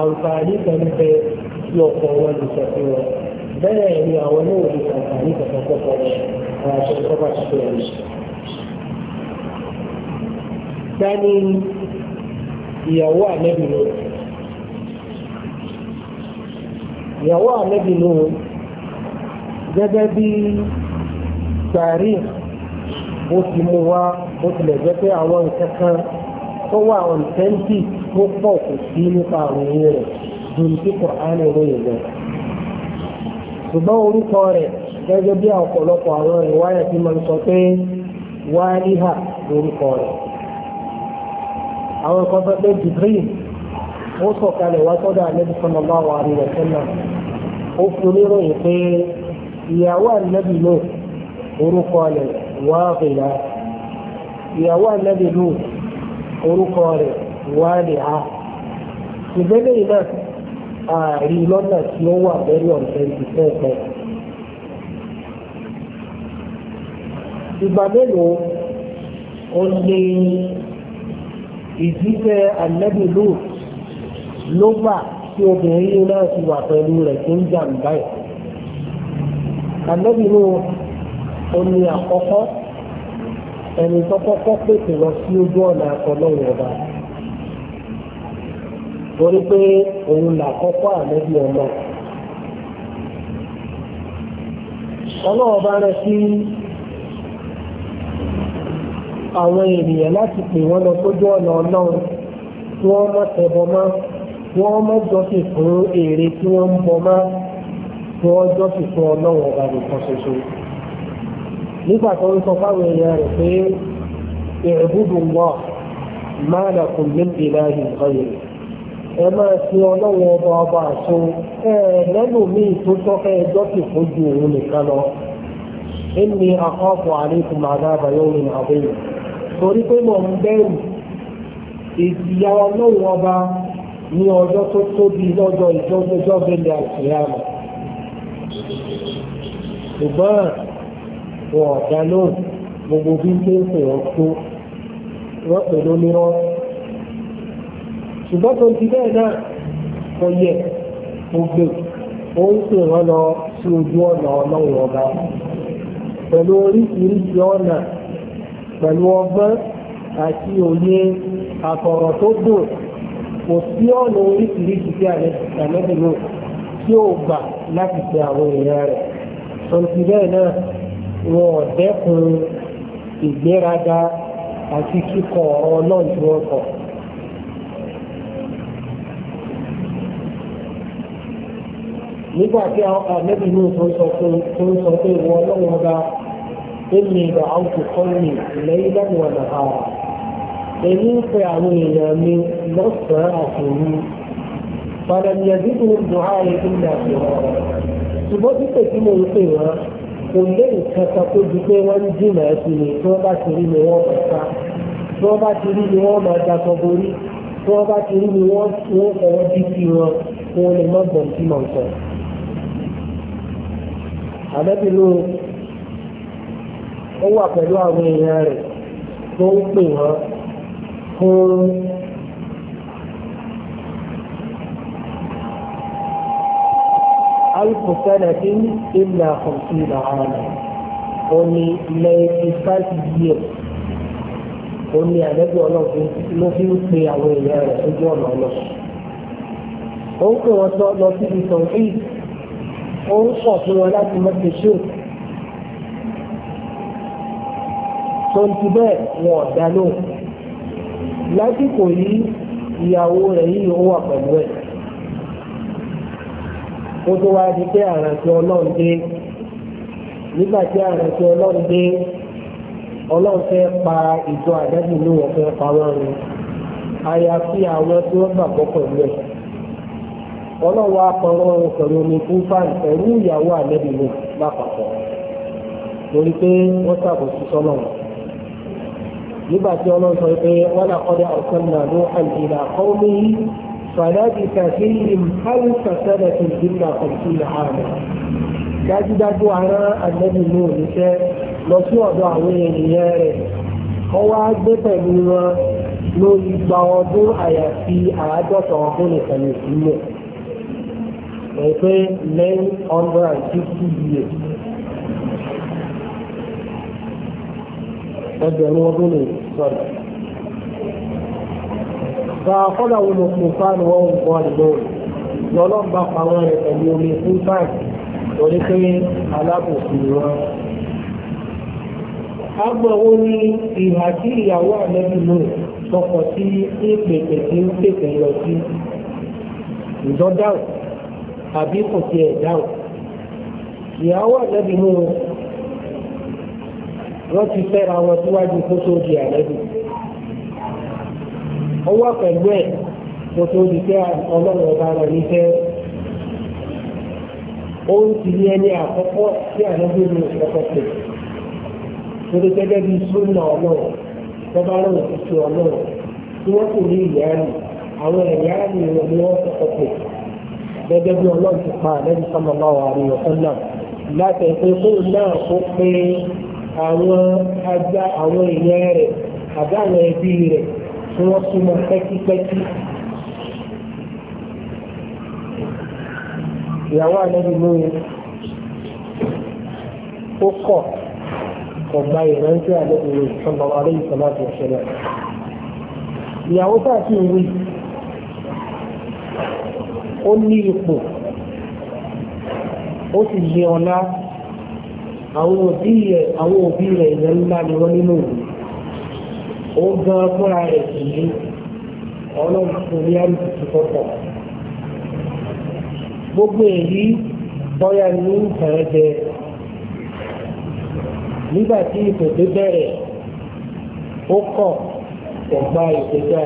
Speaker 1: àǹfààní kan ń bẹ tí ọkọ̀ wọn lè ṣàfihàn bẹ́ẹ̀ ni àwọn náà lè ṣàǹfààní kankan kọ́kọ́ rẹ̀ àwọn aṣọ ìkọ́bà ṣiṣẹ́ rẹ̀. Dání ìyàwó ànẹ́bì lò. Ìyàwó ànẹ́bì lò gẹ́gẹ́ bí sàárì bó ti mú wá bó tilẹ̀ jẹ́ pé àwọn nǹkan kan tó wà ọ̀ǹtẹ́ńtì tó pọ̀ kò sí nípa àwọn ẹ̀yìn rẹ̀ ju ti Qur'an ìròyìn lọ. ṣùgbọ́n orúkọ rẹ̀ gẹ́gẹ́ bí ọ̀pọ̀lọpọ̀ àwọn ìwáyà ti máa ń sọ pé wáyíhà lórúkọ rẹ̀. àwọn kan sọ pé Jibril ó sọ̀kalẹ̀ wá sọ́dọ̀ àlẹ́bí sọ́nà bá wà ní ìwọ̀sẹ́nà ó fi oníròyìn pé ìyàwó àlẹ́bí lò orúkọ rẹ̀ wáhìlá ìyàwó àlẹ́bí lò orúkọ rẹ̀ wáhìlá ìgbélé yìí náà ààrí lọ́nà tí ó wà lórí ọ̀sẹ̀ ìfẹ́fẹ́. ìgbà mélòó ó lè ìdíjẹ́ ànábì lóò ló wà tí obìnrin náà ti wà pẹ̀lú rẹ̀ tó ń jàǹbá ẹ̀. ànábì lóò ó ní àkọ́kọ́ ẹni tó kọ́kọ́ pèsè lọ sí ojú ọ̀nà àkọlọ́wọ̀ ọba torí pé òun là kọ́kọ́ àlẹ́bí ọmọ. ọlọ́wọ́ bá rẹ sí àwọn ènìyàn láti pè wọ́n lọ sójú ọ̀nà ọlọ́run kí wọ́n má tẹ̀bọ mọ́ kí wọ́n má jọ́sìn fún èrè tí wọ́n ń bọ mọ́ kí wọ́n jọ́sìn fún ọlọ́run ọba nìkan ṣoṣo. nígbà tó ń sọ fáwọn èèyàn rẹ̀ pé ìrìbùdùn wà máa lakum min ilahin ghayri. ẹ máa fi ọlọ́run ọba ọba àṣọ ẹ lẹ́lòmíì tó tọ́kẹ́ ẹjọ́ sì fojú òun nìkan lọ. ẹni àkọ́kọ́ àlékún màdá àbáyọ́ òun àbẹ̀yẹ̀ torí pé ń bẹ̀rù ìjìyà ọba ní ọjọ́ tó tóbi lọ́jọ́ ìjọ́jọ́jọ́ bẹ̀lẹ̀ ṣùgbọ́n ọ̀dà gbogbo bí ń pè é pè ọ́ tó ṣùgbọ́n tó ti bẹ́ẹ̀ náà kò yẹ kò gbè ó ń pè wọ́n lọ sí ojú ọ̀nà ọlọ́run ọba pẹ̀lú oríṣiríṣi ọ̀nà pẹ̀lú ọgbọ́n àti òye àtọ̀rọ̀ tó dùn kò sí ọ̀nà oríṣiríṣi tí àlẹ́bí lò tí ó gbà láti ṣe àwọn èèyàn rẹ̀ tó ti bẹ́ẹ̀ náà wọn ò dẹ́kun ìgbéraga àti kíkọ ọlọ́run tí wọ́n kọ̀. nígbà tí àmẹ́bí ní ìfọ́n sọ pé tó ń sọ pé ìwọ ọlọ́run ọba èmi ìgbà àwùjọ kọ́ni lẹ́yìn lẹ́nu ọ̀nà àrà èmi ń pe àwọn èèyàn mi lọ́sàn-án àtòru fàdàmìyànjú tó ń dùn ààrẹ tó ń dà sí ọ̀rọ̀ ṣùgbọ́n títẹ̀ tí mo ń pè wọ́n kò lé nǹkan tó ju pé wọ́n ń jìnà ẹ̀sìn ni tí wọ́n bá ti rí ni wọ́n máa ta tí wọ́n bá ti rí ni wọ́n máa daṣọ borí tí wọ́n bá ti rí ni wọ́n fọwọ́ bí sí wọn wọn lè má bọ̀ sí màá ànábì ló ó wà pẹ̀lú àwọn èèyàn rẹ̀ tó ń pè wọ́n fún alfusanatin illa khamsina ama ó ní ninety five years ó ní ànábì ọlọ́run ló fi ń pe àwọn èèyàn rẹ̀ lójú ọ̀nà ọlọ́run ó ń pè wọ́n lọ síbi tọ̀hìn O ń kọ̀ fún wọn láti mọ ṣoṣo tó ti bẹ́ẹ̀ wọn ọ̀dà lò lásìkò yìí ìyàwó rẹ̀ yìí ó wà pẹ̀lú ẹ̀ ó tó wáá di pé àràǹtí ọlọ́run dé nígbà tí pa ọlọ́wọ́ apọ̀rọ̀ pẹ̀lú omi fún fáìn pẹ̀lú ìyàwó àlẹ́bí mi lápapọ̀ torí pé wọ́n ṣàbòsí sọ́nà wọn. nígbà tí ọlọ́run sọ pé wọ́n là kọ́dá ọ̀sán náà ló hàn ìlà kọ́mí fàdájì kàfí ìmùkálù sàṣẹ́lẹ̀ tó dìgbà kọ̀ọ̀tì làánà. dájúdájú ara àlẹ́bí mi ò níṣẹ́ lọ sí ọ̀dọ̀ àwọn ènìyàn rẹ̀ kọ́ wá gbé pẹ̀lú wọn lórí gba ọdún àyàfi àádọ́ta ọdún nìkan ìsúnlẹ̀ ẹ̀ pé nine hundred and fifty years ẹgbẹ̀rún ọdún lè sọ̀rọ̀. Gba kọ́dà wo mo fún fáànù wọn ń bọ́ àdúgbò lọ́lọ́run bá pa wọn rẹ̀ pẹ̀lú omi fún fáànù torí pé alábòsí ni wọn. Agbọ̀n wo ni ìhà tí ìyàwó àlẹ́bí lò sọ̀kọ̀ sí ìpèpè tí ń pèpè lọ sí ìjọ dáhùn àbí kò tiẹ̀ dáhùn ìyàwó ànábì mú wọn wọ́n ti fẹ́ra wọn síwájú kó tó di ànábì ó wà pẹ̀lú ẹ̀ kó tó di pé ọlọ́run ọba rẹ̀ nífẹ̀ẹ́ ó ń ti ní ẹni àkọ́kọ́ tí ànábì mú ọkọ̀ pè torí gẹ́gẹ́ bí súnà ọlọ́run tọ́ba náà ti tu ọlọ́run tí wọ́n kò ní ìyá rẹ̀ àwọn ẹ̀yà rẹ̀ ni wọ́n kọ́kọ́ pè gẹ́gẹ́ bí ọlọ́run ti pa àlẹ́bí sallallahu alaihi wasallam láti ẹ̀sẹ̀ pé náà ó pé àwọn ajá àwọn èèyàn rẹ̀ àbá àwọn ẹbí rẹ̀ tí wọ́n súnmọ́ pẹ́kípẹ́kí. ìyàwó àlẹ́bí lóye ó kọ̀ ọ̀gbà ìrántí àlẹ́bí rẹ̀ sallallahu alaihi wasallam. ìyàwó sáà sì ń wí. ó ní ipò ó sì lé ọlá àwọn òbí rẹ̀ àwọn òbí rẹ̀ ilẹ̀ ńlá ni wọ́n nínú òun ó gan fúnra gbogbo èyí bọ́yá ní nǹkan jẹ nígbà tí ìpèsè bẹ̀rẹ̀ ó kọ̀ ọ̀gbà ìpèsè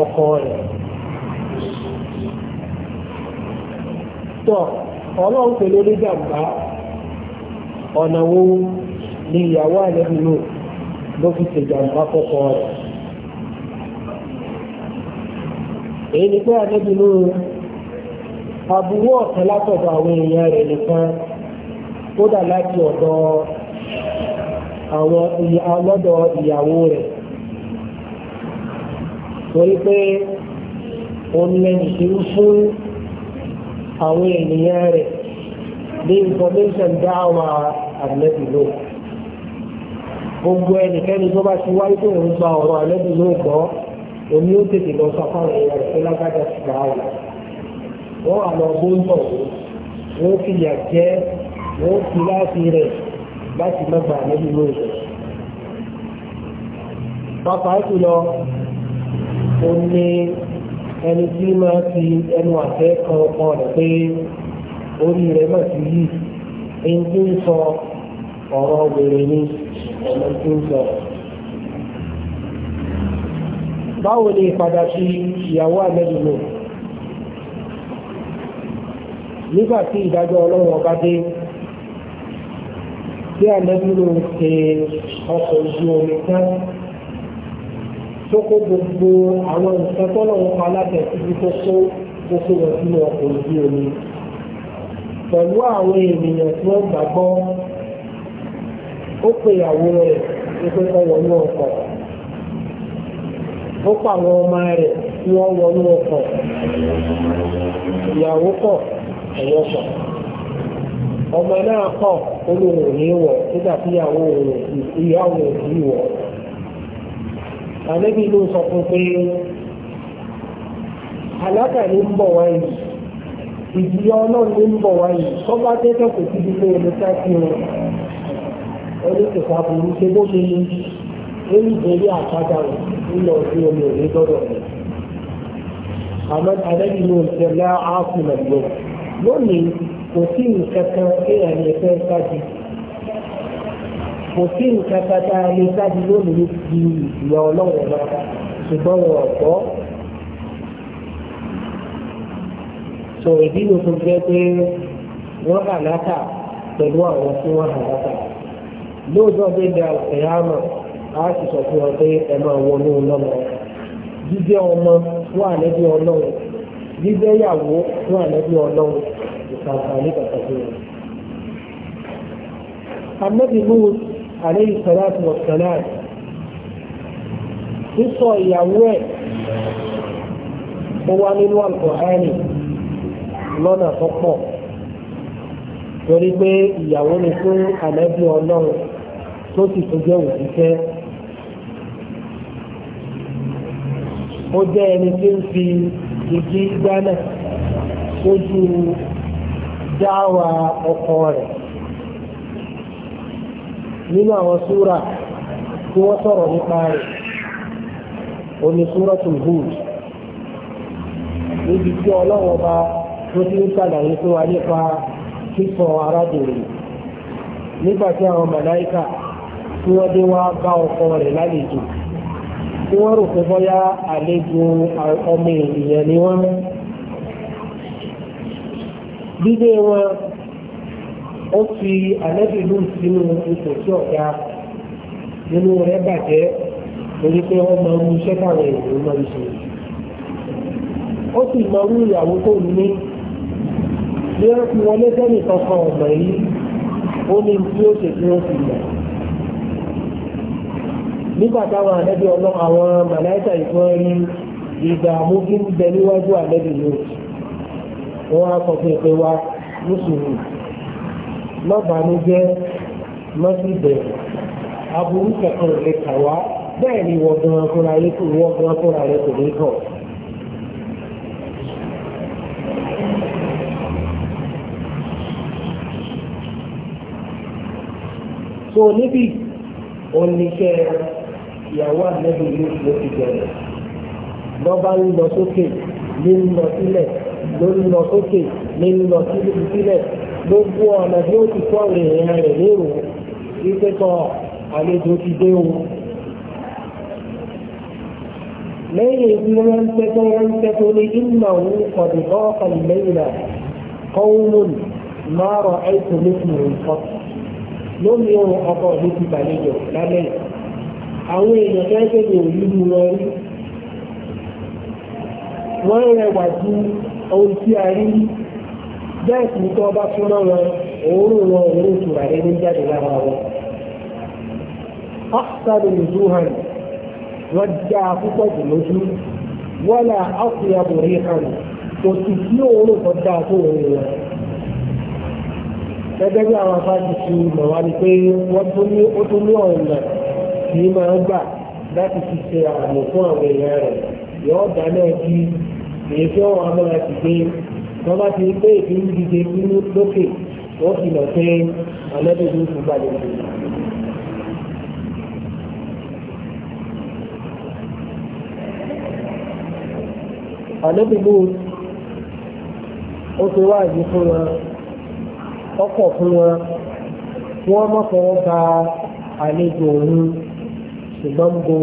Speaker 1: ọkọ rẹ̀. tọ́ ọlọ́run pẹ̀lú onígbàgbá ọ̀nà wo ni ìyàwó àlẹ́bí lò ló fi ṣèjàmbá kọ́kọ́ rẹ̀. èyí ni pé àlẹ́bí lò aburú ọ̀kan látọ̀dọ̀ àwọn èèyàn rẹ̀ nìkan kódà láti ọ̀dọ̀ àwọn ọlọ́dọ̀ ìyàwó rẹ̀ torí pé òun lẹ́yìn tí ń fún àwọn ènìyàn rẹ̀ ní information dáwà ànábì lò gbogbo ẹnikẹ́ni tó bá ti wáyé tó ń gba ọ̀rọ̀ ànábì lò gbọ́ omi ó tètè lọ sọ fáwọn èèyàn rẹ̀ pé lágbájá ti gbà wà wọ́n wà lọ gbóńtọ̀ wọ́n fi yà jẹ́ wọ́n fi láti rẹ̀ láti mẹ́gbà ànábì lò rẹ̀ pàápàá jùlọ ó ní ẹni tí máa fi ẹnu àtẹ́ kan ọkọ rẹ̀ pé orí rẹ̀ mà ti yí ẹni tó ń sọ ọ̀rọ̀ obìnrin ni ọ̀nà tó ń sọ. báwo ni ìpadà sí ìyàwó àmẹ́lì nígbà tí ìdájọ́ ọlọ́run ọba dé tí àmẹ́lì ń ṣe ọkọ̀ ojú omi tán tó kó gbogbo àwọn nǹkan tọ́lọ̀ wọn pa látẹ̀síbi tó kó gbogbo wọn sínú ọkọ̀ ojú omi pẹ̀lú àwọn ènìyàn tí wọ́n gbàgbọ́ ó pe ìyàwó rẹ̀ wípé kọ́ wọnú ọkọ̀ ó pa àwọn ọmọ rẹ̀ tí wọ́n wọnú ọkọ̀ ìyàwó kọ̀ ẹ̀yọ́ kọ̀ ọmọ náà kọ̀ ní wọ̀ nígbà tí ìyàwó rẹ̀ ànábì ló sọ fún pé àlákà ní ń bọ̀ wáyé ìjìyà ọlọ́run ní ń bọ̀ wáyé tó bá tẹ́tọ̀ kò sí ibi pé ẹni ká sí wọn ẹni kò ká burú ṣe bó ṣe ní ẹni ìbéèrè àkádà rẹ nílò sí omi òní gbọ́dọ̀ rẹ àmọ́ ànábì ló ń tẹ̀lé àákùnà yọ lónìí kò sí nǹkan kan kí ẹni ẹ̀fẹ́ sáájú kò sí nǹkan kata lè jáde lónìí ju ìyá ọlọ́wọ́ lọ ṣùgbọ́n wọn ọ̀pọ̀. sọ ìdí ló tó jẹ́ pé wọ́n hà látà pẹ̀lú àwọn tí wọ́n hà látà. lóòótọ́ bí ní ẹ̀yà mọ̀ a sì sọ fún wọn pé ẹ máa wọnú lọ́mọ. jíjẹ́ ọmọ fún àlẹ́bí ọlọ́run jíjẹ́ ìyàwó fún àlẹ́bí ọlọ́run ìsàǹfààní pàtàkì rẹ̀. Ànábì Lúwùsì alayhi salatu wa salam sísọ ìyàwó ẹ̀ ó wá nínú àlùkòhánì lọ́nà tó pọ̀ torí pé ìyàwó ni fún ànábì ọlọ́run tó sì tún jẹ́ òṣìṣẹ́ ó jẹ́ ẹni tí ń fi igi gbánà sójú dáwà ọkọ rẹ̀. nínú àwọn súra tí wọ́n sọ̀rọ̀ nípa rẹ̀ oní súra tó Hud níbi tí ọlọ́wọ́ bá tó ti ń ṣàlàyé fún wa nípa sísọ arábìnrin nígbà tí àwọn màláìkà tí wọ́n dé wá bá ọkọ rẹ̀ lálejò ó fi ànábì lù sínú ipò tí ọ̀gá nínú rẹ̀ bàjẹ́ torí pé wọ́n máa ń mú iṣẹ́ káwọn èèyàn máa ń ṣe. ó sì máa ń ìyàwó tó ní bí wọ́n fi wọlé sẹ́nì kankan ọ̀nà yìí ó ní tí ó ṣe tí ó fi yà. nígbà táwọn ànábì ọlọ́ àwọn màláìsà ìfọ́n rí ìdààmú kí ń bẹ níwájú ànábì lù wọ́n á sọ pé pé wá mùsùlùmí má bànújẹ́ má sì bẹ̀rù aburú kankan lè kà wá bẹ́ẹ̀ ni wọ́n gan fúnra rẹ̀ kò wọ́n gan fúnra rẹ̀ kò ní kàn. so níbi oníṣẹ́ ìyàwó àlẹ́bí ló ti bẹ̀rẹ̀ lọ́ba ń lọ sókè ní ń lọ sílẹ̀ ló ń lọ sókè ní ń lọ sílẹ̀ gbogbo ọ̀nà tí ó ti kọ́ ìrìnà rẹ̀ lérò wípé àlejò ti dé o. lẹ́yìn tí wọ́n ń tẹ́tọ́ wọ́n ń tẹ́tọ́ ní ìmọ̀ òun kọ̀dùkọ́ kàlùmẹ́yìnà kọ́wọ́n máa àìsàn lókùn nǹkan ohun ọkọ̀ ti gbàlejò lálẹ́ àwọn èèyàn rí wọ́n rẹwà ju ohun tí a rí bẹ́ẹ̀ sì tó ọba súnmọ́ wọn òórùn wọn òórùn tùràrí ní jáde lára wọn. أحسن وجوها وجع فقط الوجوه ولا أطيب ريحا وتسيون فدعته gẹ́gẹ́ bí àwọn afáàjì ti mọ̀ wá ní pé wọ́n tún ní ó tún ní ọ̀nà tí máa gbà láti fi ṣe fún àwọn èèyàn rẹ̀ yọ̀ọ́ dáná èyí tí wọ́n ti gbé wọ́n bá ti pé ìpín dídé nínú lókè wọ́n fi lọ pé ọlẹ́dẹ̀ ló fún balẹ̀ jù. àlẹ́bí ló ó ti wá ìdí fún wọn ọkọ̀ fún wọn wọ́n mọ́kànlá ba àlejò òun ṣùgbọ́n gbogbo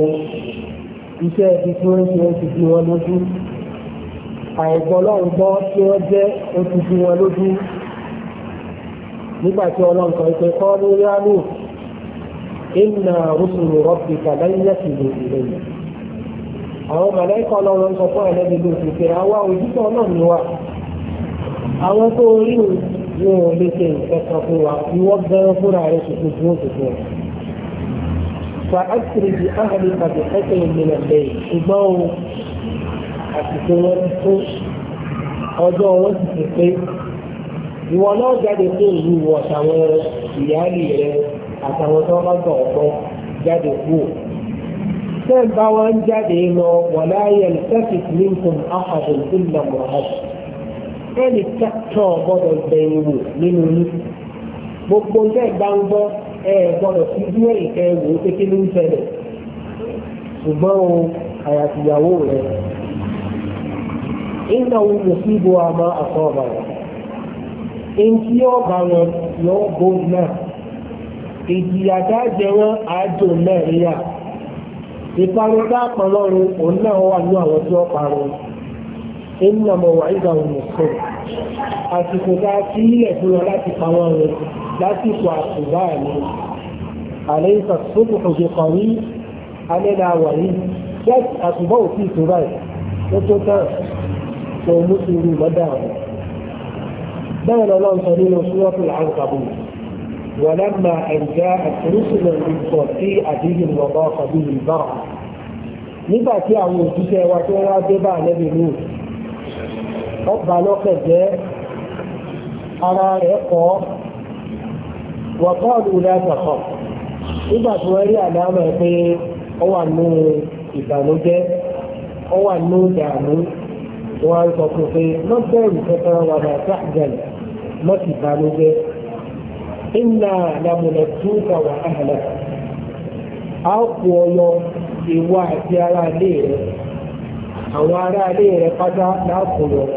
Speaker 1: iṣẹ́ ibi tí wọ́n ń ṣe ó ti di wọn lójú àìgbọ́n lọ́run gbọ́ tí wọ́n jẹ́ oṣù tí wọn lójú nígbà tí ọlọ́run kan ṣe kọ́ ní yálò ìnà rúṣùlù rọ́bì kàdáyé sì lè ìlẹ̀ yìí. àwọn mọ̀lẹ́kọ̀ ọlọ́run sọ fún ẹ̀lẹ́bí lóṣù pé àwa òjútọ̀ náà ni wa àwọn tó rí wọn ò lè ṣe nǹkan kan fún wa ìwọ gan fúnra rẹ tuntun tí ó ti fún wa. fa àkìrìjì áhàlì tàbí ẹ̀kẹ́ ìmìnà àsìkò wọn ti tó ọjọ́ wọn sì ti pé ìwọ náà jáde tó ìlú wọ àtàwọn ìyáàlì rẹ àtàwọn tó bá gbọ̀ ọ̀pọ̀ jáde kú. Sẹ́ẹ̀ bá wọn jáde lọ wọ̀lá yẹn sẹ́fì minkum ahadun illa muhammad. Ẹnì kẹ́kọ̀ọ́ gbọ́dọ̀ gbẹ̀yìn wò nínú yín. Gbogbo ń tẹ́ ń gbọ́ ẹ gbọ́dọ̀ fi dúró ìkẹ́ wò ó pé ń tẹ̀lé. Ṣùgbọ́n o àyàtìyàwó rẹ̀. إنه يصيبها ما أصابها إن يوبا يوبا ìjìyà tá a jẹ wọn àájò a òun náà wà ní àwọn tí wọ́n parun inú ọmọ wà ìgbà òun nìkan àsìkò tá a fi ilẹ̀ fún wọn láti pa wọn rẹ lásìkò àtúbà mi àlẹ́ ìsàkóso alẹ́ wà yìí bẹ́ẹ̀ òfin tó mú sùúrù lọ́dọ̀ àwọn. bẹ́ẹ̀ lọ́lọ́ sọ nínú súwọ́pù àǹkàbù ولما أن جاءت رسلا من صوتي أبيهم وضاق به البرع nígbà tí àwọn òṣìṣẹ́ wa tó wá dé bá àlẹ́bí lù ọgbà lọ́kẹ̀ jẹ́ ara rẹ̀ kọ́ wọ́pọ́ọ̀lù lẹ́sọ̀kọ̀ nígbà tí wọ́n rí àdámọ̀ pé ó wà ìbànújẹ́ ó wọ́n á sọ fún pé má bẹ́ẹ̀rù kankan wà náà sáàgàn má sì bànújẹ́ iná làmùnà túkà wà áhàlà á kú ọyọ ìwà àti ara ilé rẹ àwọn ará ilé rẹ pátá láàkùnrin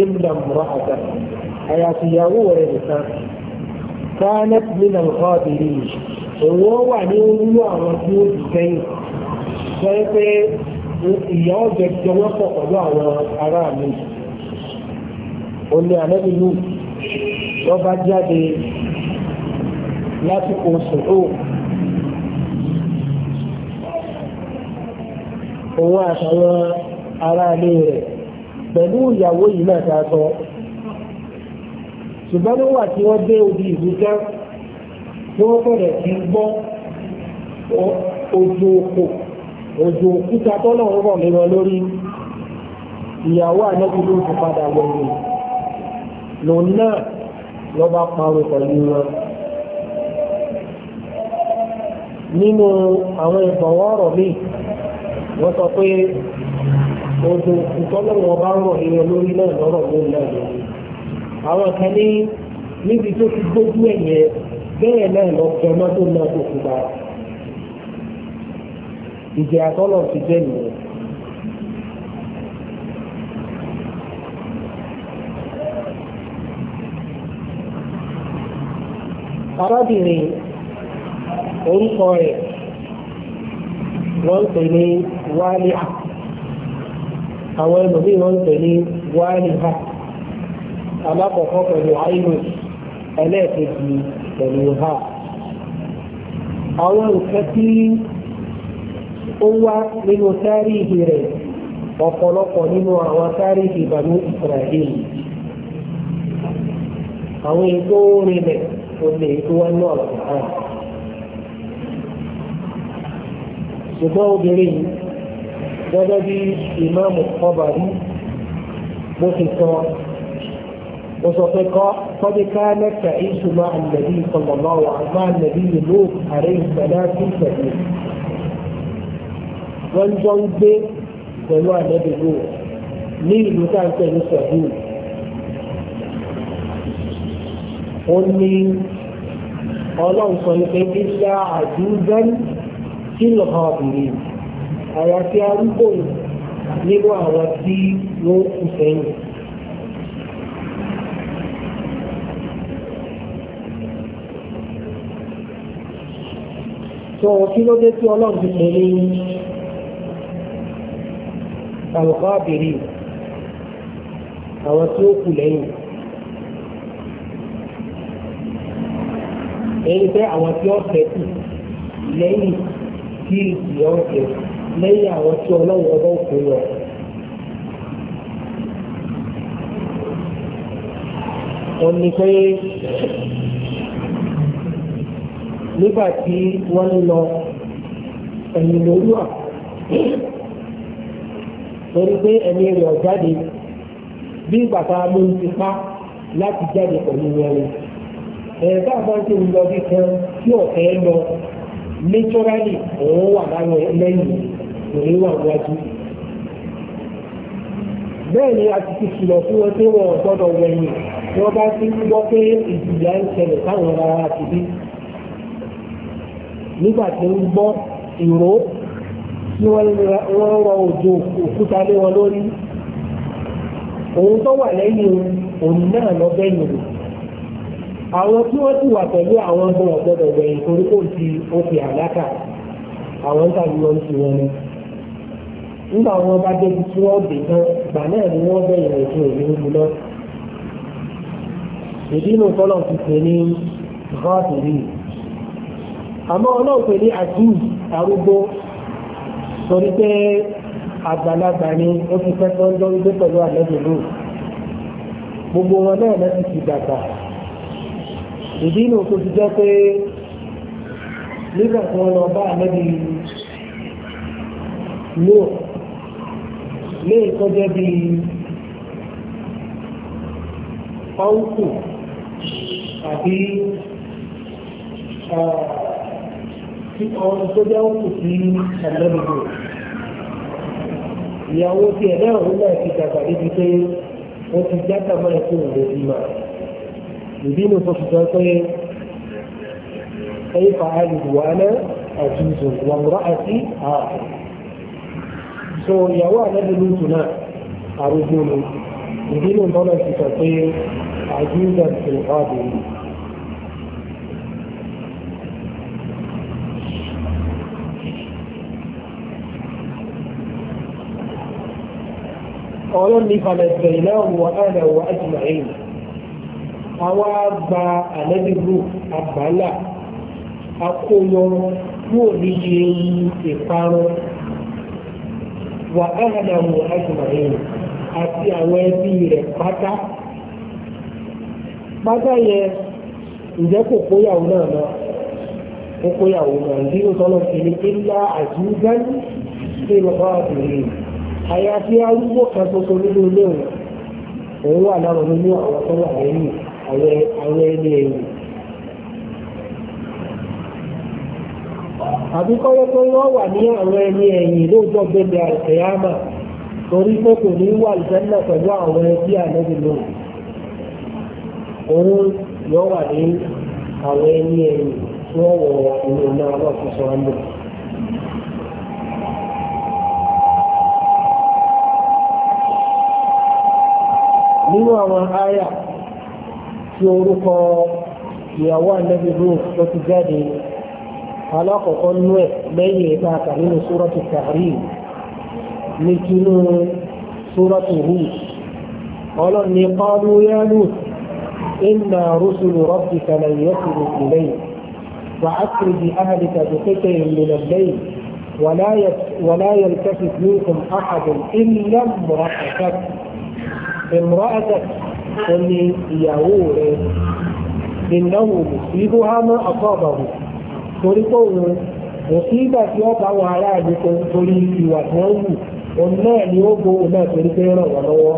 Speaker 1: ìmúdà mùrọ̀ àgbà àyàfi ìyàwó rẹ nìkan kánẹ́tì nínú nǹkan ọ̀bìnrin yìí òun wà ní orúkọ àwọn tí ó ti sẹ́yìn sọ pé ìyà ọ̀jẹ̀ jẹ wọ́n pọ̀ pẹ̀lú àwọn ará mi. ó ní ànábì nù wọ́n bá jáde lásìkò sòrò. òun àtàwọn ará ilé rẹ̀ pẹ̀lú ìyàwó yìí náà ta sọ. ṣùgbọ́n níwà tí wọ́n dé odi ìlú tán tí wọ́n bẹ̀rẹ̀ sí gbọ́ ojú okòó òjò òkúta tọ́lọ̀ ń rọ̀ lérọ lórí ìyàwó ànábi ló ti padà wẹ̀yìn lòun náà lọ́ba parọ́ pẹ̀lú wọn. nínú àwọn ìbọ̀wọ́ ọ̀rọ̀ míì wọ́n sọ pé odò ìtọ́lọ́wọ́ bá rọ̀ ìrìn lórí náà lọ́rọ̀ lórí náà lórí. àwọn kan ní níbi tó ti gbójú ẹ̀yẹ bẹ́ẹ̀ náà lọ jẹ mọ́tò náà tó fi bá a ìjẹ àtọ́lọ̀ ti jẹ́ nìyẹn. arábìnrin orúkọ rẹ̀ wọ́n pè ní wálé à àwọn ẹlòmíì wọ́n pè ní wálé hà alákọ̀ọ́kọ́ pẹ̀lú àìlùs ẹlẹ́ẹ̀kejì pẹ̀lú hà àwọn nǹkan tí ó wá nínú táríhì rẹ̀ ọ̀pọ̀lọpọ̀ nínú àwọn táríhì Banu Israel àwọn ètò orinlẹ̀ ó lè tó wá ní ọ̀sán kan. ṣùgbọ́n obìnrin yìí gẹ́gẹ́ bí ìmáàmù Tabari bó ti sọ ó sọ pé kọ́ قد كانت تعيش مع النبي صلى الله عليه وسلم مع النبي لوط عليه السلام wọ́n jọ ń gbé pẹ̀lú ànábì lò ní ìlú káńtẹ̀ ní sọ̀dún. ó ní ọlọ́run sọ ní pé ìṣá àdúgbẹ́n kí lọ́ha obìnrin àyàfi arúgbó nínú àwọn tí wọ́n kù sẹ́yìn. sọ kí ló dé tí ọlọ́run ti pè ní alùpàbìrì àwọn tí ó kù lẹ́yìn èyí pé àwọn tí ó tẹ̀kù lẹ́yìn tí ìdí ọ̀tẹ̀ lẹ́yìn àwọn tí ọlọ́run ọba òkú wọn. wọ́n ní pé nígbà tí wọ́n lọ ẹ̀yìn lórí wà torí pé ẹni rẹ̀ ọ̀jáde bí bàtà ló ń ti pa láti jáde pẹ̀lú ẹni. ẹ̀rọ tá a bá ń ṣe lọ bí kan tí ọ̀fẹ́ lọ naturally òun wà láwọn lẹ́yìn òun wà wájú. bẹ́ẹ̀ ni a ti ti kìlọ̀ fún wọn pé wọn ò gbọ́dọ̀ wẹ̀yìn tí wọ́n bá ti ń gbọ́ pé ìjìyà ń ṣẹlẹ̀ táwọn ará ti bí. nígbà tí ń gbọ́ ìró tí wọ́n rọ òjò òkúta lé wọn lórí òun tó wà lẹ́yìn òun náà lọ bẹ́ẹ̀ lò àwọn tí wọ́n ti wà pẹ̀lú àwọn ọmọ ọ̀gbọ́dọ̀ wẹ̀yìn torí kò ti ó fi àwọn tàbí wọn ti wọn ni nígbà wọn bá débi tí wọ́n dé tán ìgbà náà ni wọ́n bẹ̀rẹ̀ ètò ìlú lọ ìdí inú tọ́lọ̀ ti pè ní gọ́ọ̀tì rí àmọ́ ọlọ́ọ̀pẹ̀ ní torí pé àgbàlagbà ni ó ti fẹ́ tán lórí dé pẹ̀lú àlẹ́dùnú gbogbo wọn náà lẹ́sìn ti dàgbà ìdí inú tó ti jẹ́ pé nígbà tí wọ́n lọ bá àlẹ́bí lò lé ìtọ́jẹ́ bí ọ́nkù àbí ọ̀rọ̀ tó jẹ́ òkú sí ẹ̀lẹ́bùgbò ìyàwó ti ẹ̀lẹ́ ọ̀rọ̀ náà ti dàgbà débi pé ó ti játa mọ́ ẹ̀kú òde bí mà ìbínú tó fi sọ pé ẹ̀yìn fa àlùwà náà àti ìṣòwò wọn rọ àti ààrùn so ìyàwó àlẹ́bùgbò tù náà àrùgbò ni ìbínú tọ́lọ̀ ti sọ pé àjíǹdà ti rọ̀ ọlọ́run ní fanẹ̀tẹ̀ ìlẹ́wọ̀n wọn ẹ̀rẹ̀ wọn ẹ̀jìnà ẹ̀yìn àwọn àgbà àlẹ́dìgbò àgbàlà akóyọ yóò ní iye ìparun wọn ẹ̀rẹ̀ wọn ẹ̀jìnà ẹ̀yìn àti àwọn ẹbí rẹ̀ pátá pátá yẹn ǹjẹ́ kò kóyàwó náà lọ kó kóyàwó náà ìdí ló sọ́nà sí ni ilá àjúgbẹ́ni sí ìlú ọ̀hún àdúgbò àyàfi arúgbó kan ṣoṣo nínú ilé wọn òun wà lára nínú àwọn tó wà lẹ́yìn àwọn ẹni ẹ̀yìn. àbí kọ́wọ́ tó wọ́n wà ní àwọn ẹni ẹ̀yìn lóòjọ́ gbẹ̀gbẹ̀ àìsèyámà torí pé kò ní wà ìjẹ́nà pẹ̀lú àwọn ẹbí àlẹ́bí òun yọ wà ní àwọn ẹni ẹ̀yìn tí wọ́n wọ̀ inú náà lọ́sọ̀ọ́sọ́ àmì. من هو الآية سورك يا والذي روح على خلق قلوة بي باك من سورة التحريم لكن سورة روح قال إني قالوا يا نوح إنا رسل ربك لن يصلوا إليك وأسر بأهلك بقطع من الليل ولا يلتفت منكم أحد إلا امرأتك امرأتك أني يهوه إنه مصيبها ما أصابه تريدون مصيبة يضع على عبكم تريد وتنوي وما يوبه ما تريدون ونوى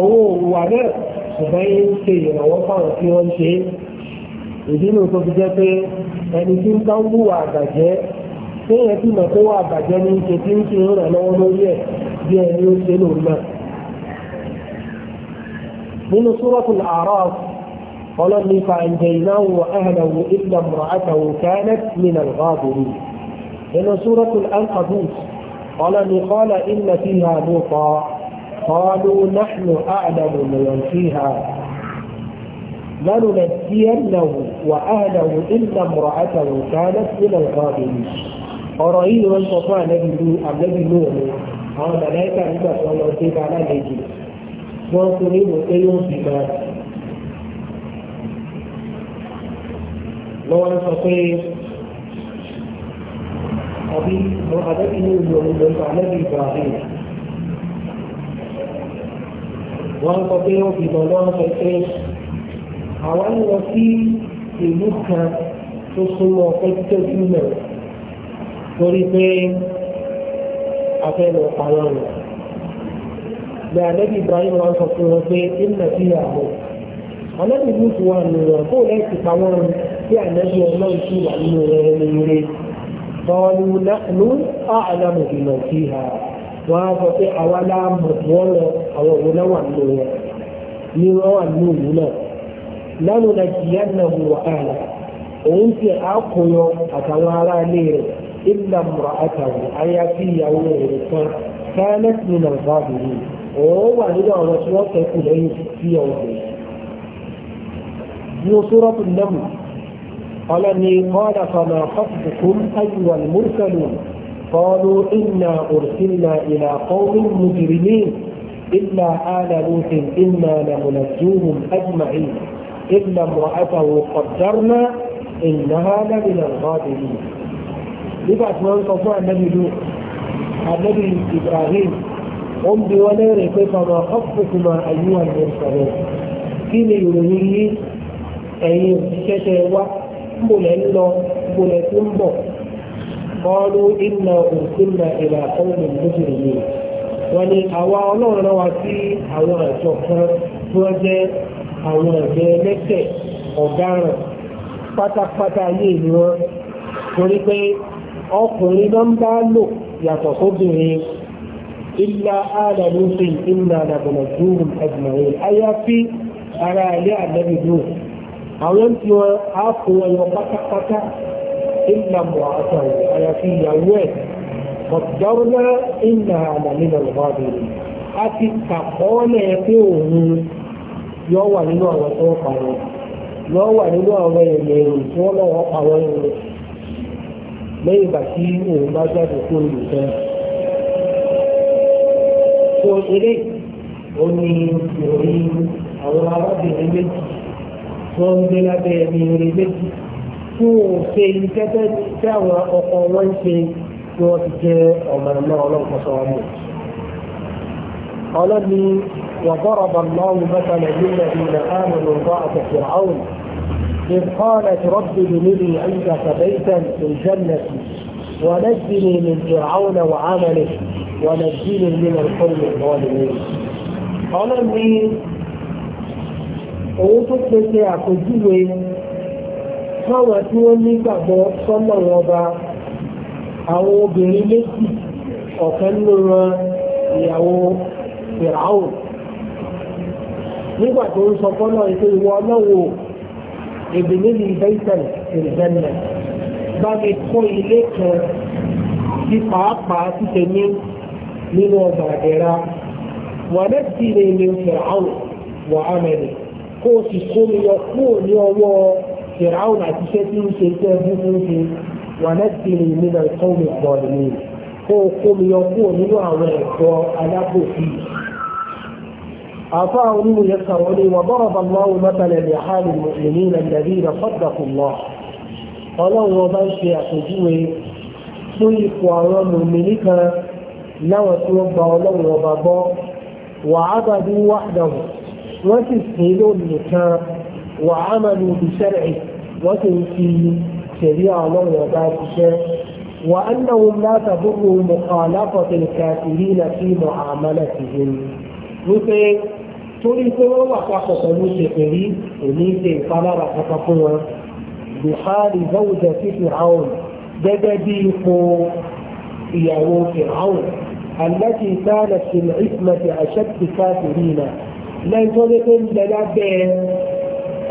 Speaker 1: owó wà náà ṣùgbọ́n yìí ń ṣe ìrànwọ́ fáwọn tí wọ́n ń ṣe ìdínú tó من سورة الأعراف ولم فأنجيناه وأهله إلا امرأته كانت من الغابرين من سورة الأنقذوس ولم قال إن فيها لوطا قالوا نحن أعلم من فيها لننجينه وأهله إلا امرأته كانت من الغابرين أرأيت من تطوع الذي نوح قال لا عند الله وكيف على نجيه wọ́n fún ní ìwé pé yóò fi gbà. lọ́wọ́ ń sọ pé àbí mo àdẹ́bí ní ìlú òun lọ́wọ́ àlẹ́bí ìgbà rẹ̀. wọ́n ń sọ pé yóò fi gbà lọ́wọ́ sọ pé àwa ń sí ìlú kan tó súnmọ́ ọ̀pẹ́ títẹ́jú náà torí pé a lọ pa wọn ní anabi ibrahim wọn sọ fún wọn pé ìnà sí àbọ̀ anabi lùtù wà nù wọn kó lẹ́yìn ti pa wọn tí anabi ọlọ́run sì wà nínú rẹ̀ lóore tọ́lú ló àlàmù ìnà sí ha wọn á sọ pé àwa la mọ̀ wọ́n lọ àwọn òun náà wà nù wọn ní wọn wà nù òun náà lánàá la jìyà náà wọ àlà òun ti àkóyọ àtàwọn ará ilé rẹ̀ ìlànà àtàwọn àyàfi ìyàwó rẹ̀ kan kánẹ́tì nà ń bá ó wà nínú àwọn tí wọ́n kẹ́kù lẹ́yìn sí ọ̀gbìn ní sórọ́pù lẹ́mù ọlọ́ni kọ́ọ̀dà fọmọ fọ́tùkùn ayùwà múrùsẹ̀lù قالوا إنا أرسلنا إلى قوم مجرمين إلا آل لوط إنا لمنجوهم أجمعين إلا امرأته قدرنا إنها لمن الغابرين. لبعث ما يقول النبي لوط النبي إبراهيم ó ń bi wọn léèrè pé fama ọ́fùkùnmá ayé wà ní ìsọ̀rọ̀ kí ni ìròyìn yí ẹ̀yin ṣẹṣẹ wá ń bò lẹ́ ń na ilá ààlà lóṣìn ilá nàbọ̀nà júùn ẹgbẹ̀rún ayáfí ara ilé ànábì lóò àwọn tí wọn á kó wọn lọ pátápátá ilá mọ̀ àtàwọn ayáfí ìyàwó ẹ̀ ọ̀dọ́rọ́lá ilá ààlà nínú ọ̀bọ̀dọ̀rọ̀ a ti kàkọ́ọ́lẹ̀ pé òun yọ wà nínú àwọn tó pa wọn lọ wà nínú àwọn èèyàn èrò lọ́wọ́ pa wọn lẹ́yìn ìgbà tí òun bá jáde kúrò nìkan. يدعو إليه أمي يريد أولى ربه منك صندل بأمي يريد منك كوفين كتب كوى أقوان في كوفة أمان الله لو تصاموك قال وضرب الله مثلا للذين آمنوا بعد فرعون إذ قالت رب لي عندك بيتا في الجنة ونجني من فرعون وعمله ونجينا من القوم الظالمين ọlọ́run ní owó tó pèsè àpèjúwe fáwọn tí wọ́n nígbàgbọ́ sọ́nà ọba àwọn obìnrin méjì ọ̀kan nínú wọn ìyàwó fìràwò nígbà tó ń sọ fọ́nà ètò ìwọ ọlọ́wọ́ èdè nílì ìbẹ́sẹ̀n ìrìnbẹ́nà bá mi kọ́ ilé kan sí pàápàá títẹ̀ ní nínú ọgbà ìdẹ̀ra wà lẹ́sí ní ilé fìràwùn wà ámẹ́lì kó o sì kó mi lọ kúrò ní ọwọ́ fìràwùn àti iṣẹ́ tí ń ṣe iṣẹ́ bí fún ṣe wà lẹ́sí ní ilé náà mi pọ̀ ní kó o kó mi lọ kúrò nínú àwọn ẹ̀kọ́ alábòsí. عطاء منه يسرني وضرب الله مثلا لحال المؤمنين الذين صدقوا الله قالوا وبشر يعتدوا fún ipò àwọn mòmìnì kan láwọn tí wọ́n gba ọlọ́run ọba gbọ́ wà á bá ní wàhálàwò wọ́n sì sìn lónìí nìkan wà á máa lu ìṣẹ̀rẹ̀ wọ́n sì ń fi ṣẹ̀rí ọlọ́run ọba ṣiṣẹ́ wà á náwó láta gbogbo mọ̀kànláfọ̀tẹ̀ kàkiri na fi mọ̀ àmàlà sí wọn. wípé torí pé wọ́n wà papọ̀ pẹ̀lú ṣèpèrí òní ṣe ìpalára kankan fún wọn. Buhari zawuja fi fi hàn gẹ́gẹ́ bí ipò ìyàwó fi hàn. التي كانت في العصمة أشد كافرين lẹ́yìn tó lé pé ń bẹ lábẹ́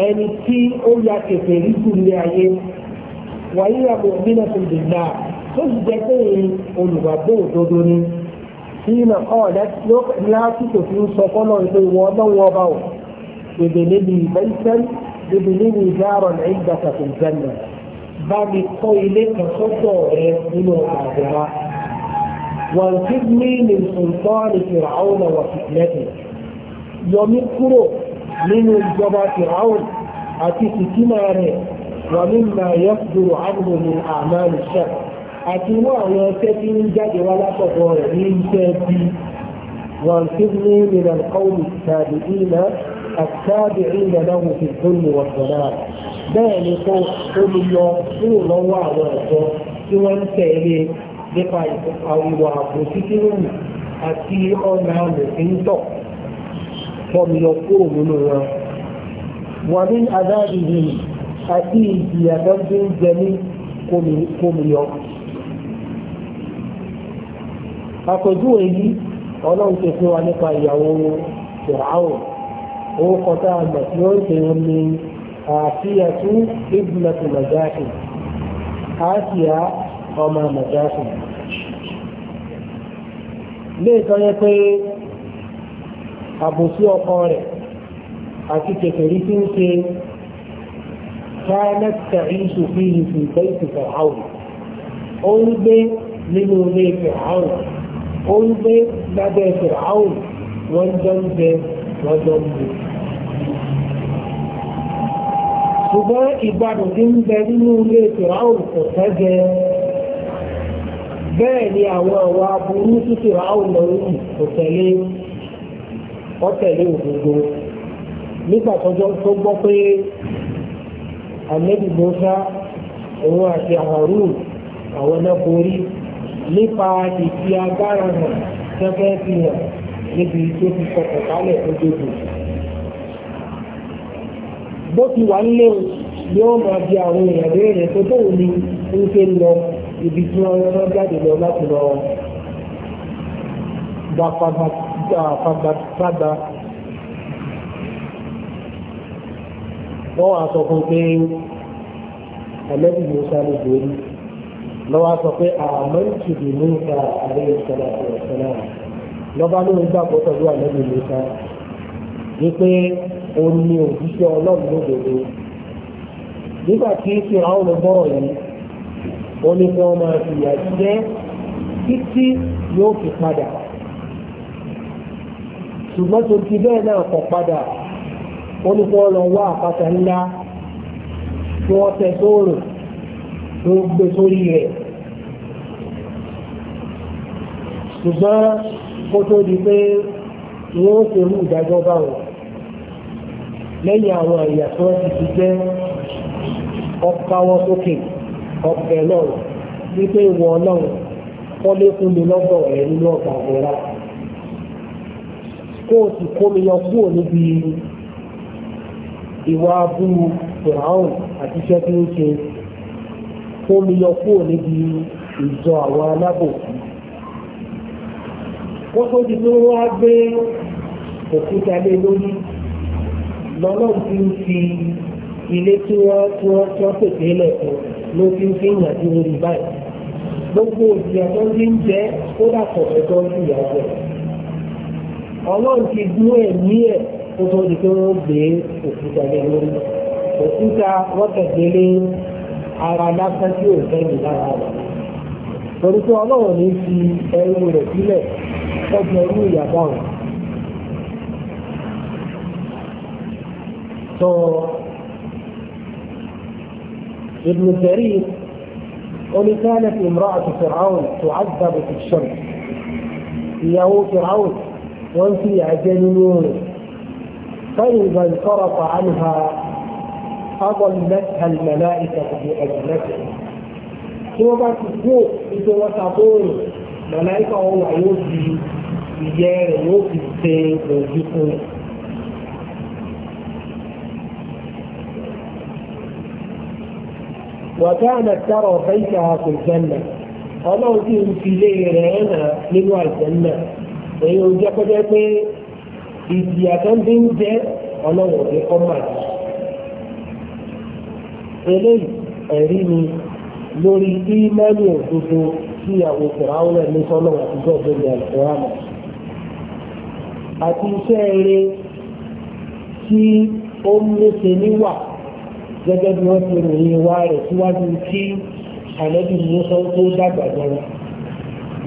Speaker 1: ẹni tí ó ya kẹfẹ́ rí gùnlé ayé wàyí àbò nínú ìdè náà tó sì jẹ́ pé olùgbàgbọ́ òdodo ni tí mà kọ́ lásìkò tí ń sọ fọ́nà ìpè ìwọ ọlọ́run ọba ò bèbè níbi ìbẹ́sẹ̀n bèbè níbi ìdárọ̀ ní ìgbà kàkùn jẹ́nà bá mi kọ́ ilé kan sọ́tọ̀ rẹ nínú àgbẹ̀wá. وانقذني من سلطان فرعون وفتنته يومي كرو من الجبا فرعون أتي فتنة ومما يصدر عنه من أعمال الشر ما وأنكتي من جد ولا تقول تغيرين شابي وانقذني من القوم السابقين التابعين له في الظلم والضلال ذلك قول يوم قول الله وأنكتي وانكتي nípa àwìwà àbòsí tí ó wù àti ọ̀nà àmòfin tọ̀ fọmi lọ kúrò nínú wọn. wà ní adáàbìbì àti ìjìyà tó ń gbé jẹ ní kòmìyọ. àpèjúwe yìí ọlọ́run ti fún wa nípa ìyàwó fìràwọ̀ owó kọta àgbà tí ó ń pè wọn ní àfíyàtú ìgbìmọ̀ tó jáde. àásìá ọmọ mọ̀jáfù léètọ́ yẹ pé àbòsí ọkọ rẹ̀ àti kẹfẹ̀rí tí ń ṣe كانت تعيش فيه في بيت فرعون ألبي لنولي فرعون ألبي لدى فرعون والجنب والجنب ṣùgbọ́n ìgbàdùn tí ń bẹ nínú ilé ìfìràwùn kò tẹ́jẹ bẹ́ẹ̀ ni àwọn ọ̀rọ̀ aburú títí ra ó lọ rí òtẹ̀lé ọ̀tẹ̀lé òdodo nígbà tọ́jọ́ tó gbọ́ pé àlẹ́bí gbọ́sá òun àti àhàrù àwọn náà forí nípa ìfi agbára hàn gẹ́gẹ́ fi hàn níbi tó ti kọkàn kálẹ̀ lójoojú. bó ti wà ń léwu ni ó máa di àwọn èèyàn léèrè tó tóun ni ń ṣe lọ ibi tí wọ́n tán jáde lọ láti lọ gba fagbafagba wọ́n wá sọ fún pé alẹ́bí musa ló borí lọ́wọ́ sọ pé àmọ́ ìkìlì musa àrẹ ìṣẹ̀lẹ̀ ìṣẹ̀lẹ̀ lọ́ba ló ń gbàgbọ́ pẹ̀lú alẹ́bí musa wípé òun ni òjíṣẹ́ ọlọ́run lódodo nígbà tí fìràwọn gbọ́rọ̀ yìí ó ní kí wọ́n máa fìyà jẹ títí yóò fi padà ṣùgbọ́n tó ti bẹ́ẹ̀ náà kọ̀ padà ó ní kí wọ́n lọ wá àpáta ńlá tí wọ́n tẹ sóòrò tó gbé sórí rẹ̀ ṣùgbọ́n kó tó di pé wọ́n ṣe mú ìdájọ́ bá wọn lẹ́yìn àwọn àyà ti ti jẹ́ ọkọ̀ wọn sókè. Okay. Ọbẹ̀ náà wípé ìwọ náà kọ́lé fún mi lọ́dọ̀ rẹ nínú kó o mi yọ kúrò níbi ìwà abúlé fìràhùn àti iṣẹ́ tí ṣe kó mi yọ kúrò níbi ìjọ àwọn alábòsí wọ́n tó di pé gbé òkúta ló fi ń fi hàn sí lórí báyìí gbogbo òsì àtọ́ ti ń jẹ́ ó dàpọ̀ ẹ̀tọ́ sí ìyàwó ẹ̀ ọlọ́run ti dúró ẹ̀ ní ẹ̀ ó tó di pé wọ́n gbé òkúta lé lórí òkúta wọ́n tẹ̀gbélé ara lásán tí ò
Speaker 2: fẹ́ mi lára rẹ̀
Speaker 1: torí pé ọlọ́run ní fi ẹrù rẹ̀ sílẹ̀ ọjọ́ irú ìyàbá wọn. ابن جرير قل كانت امرأة فرعون تعذب في الشمس إنه فرعون وأنت أجنون فإذا انصرف عنها أضلتها الملائكة بأجنته ثم بعد فوق إذا وسطون ملائكة هو يوفي ìjẹ́ rẹ̀ yóò fi ṣe وكانت ترى بيتها في الجنة ọlọ́run tí ń fi lé rẹ̀ ẹ̀nà nínú àìsànnà èyí ò jẹ́ kọjá pé ìdí àtọ́ndé ń jẹ́ ọlọ́run òde kọ́mà jù. eléyìí ẹ̀rí ni lórí ímánì òdodo tí àwọn fìràwọ̀n ní sọ́nà àtijọ́ ìgbẹ́lẹ̀ àlùfẹ́ràmù àti iṣẹ́ eré tí ó ń léṣe níwà gẹ́gẹ́ bí wọ́n ti ròyìn wá rẹ̀ síwájú tí àlẹ́bí Mùsá tó dàgbà jẹun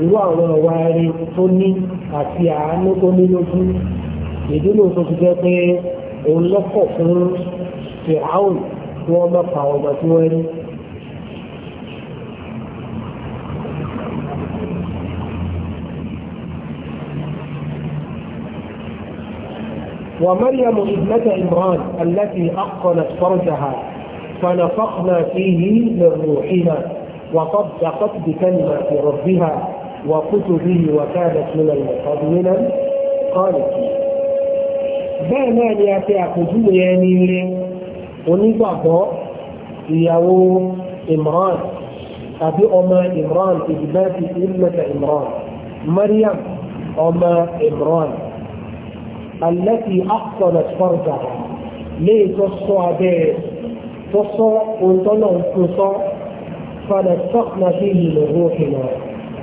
Speaker 1: irú àwọn ọ̀wá rí tó ní àti àánú tó ní lójú ìdúró tó ti jẹ́ pé òun lọ́kọ̀ fún fìhàùn tí wọ́n bá pa ọgbà tí wọ́n rí. ومريم ابنة عمران التي أقنت فرجها فنفخنا فيه من روحنا وطبقت بكلمة ربها وكتبه وكانت من المقدمين قالت بما لي أتي أخذوا يا نيلي ونبع إمران أبي أما إمران إجبات إلة إمران مريم أما إمران التي أحصنت فرجها ليس الصعبات tó sọ ohun tó náà ń tún sọ fana sọ́kùnà sí ìlú rúfin náà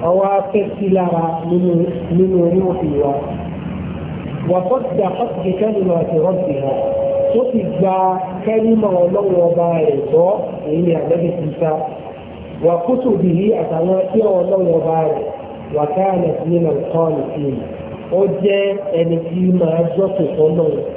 Speaker 1: àwọn akẹ́kí lára nínú rúfin wa wà tó ti dà pàtàkì kẹ́lìmọ̀ àti rọ́bì ha tó ti gba kẹ́lìmọ̀ ọlọ́run ọba rẹ̀ gbọ́ èyí ni àgbẹ̀bẹ̀ ti sá wà kútù bìí àtàwọn tí ọlọ́run ọba rẹ̀ wà káyà nàìjíríà nìkan nìkan ó jẹ́ ẹni tí máa jọ́sìn fọ́nà rẹ̀.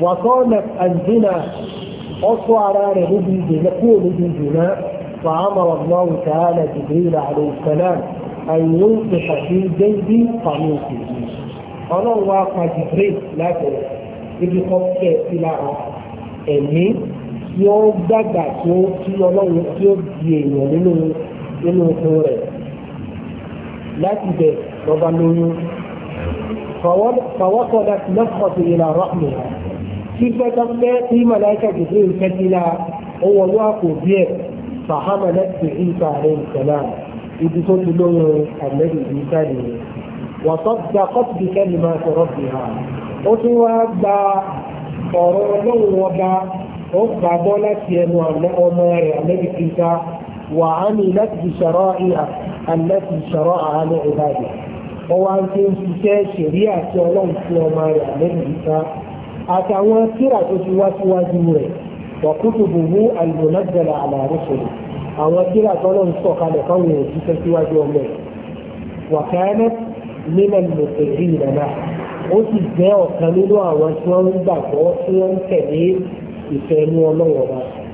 Speaker 1: وصامت عن زنا أصوى على نبي زنا كون نبي زنا فأمر الله تعالى جبريل عليه السلام أن ينفخ في جيب قميصه أنا واقع جبريل لكن ibi kan kẹ sí lára ẹ̀mí tí ó dàgbà tó tí ọlọ́run tí ó di èèyàn nínú nínú oko rẹ̀ láti bẹ̀ lọ́ba lóyún fọwọ́kọ̀dà lọ́kọ̀tì ìlà rọ́ọ̀mù rẹ̀ fífẹ́ tó fẹ́ tí màláìka jùlọ ìfẹ́ sí la ó wọlé àpò díẹ̀ fàhámà lẹ́sìn ìfà rẹ̀ ìṣẹ̀lá ibi tó ti lóyún àmẹ́rì ìṣẹ́ nìyẹn wọ́n tó gba kọ́tù bí kẹ́ni máa sọ̀rọ̀ sí ha ó tún wá gba ọ̀rọ̀ ọlọ́run wọn bá ó gbàgbọ́ láti ẹnu ọmọ rẹ̀ àmẹ́rì ìṣẹ́ وعملت بشرائع التي شرعها لعباده هو أن تنسي شريعة الله ما يعلم بها àtàwọn tíra tó ti wá síwájú rẹ̀ wa kutubuhu al-munazzala ala rusuli àwọn tíra tó lọ́n sọ̀kalẹ̀ fáwọn òjíṣẹ́ síwájú ọmọ ẹ̀ wa kanat min al-muqirrin ó sì jẹ́ ọ̀kan nínú àwọn tí wọ́n ń gbàgbọ́ tí wọ́n ń tẹ̀lé ìfẹ́ ní ọlọ́wọ́ báyìí.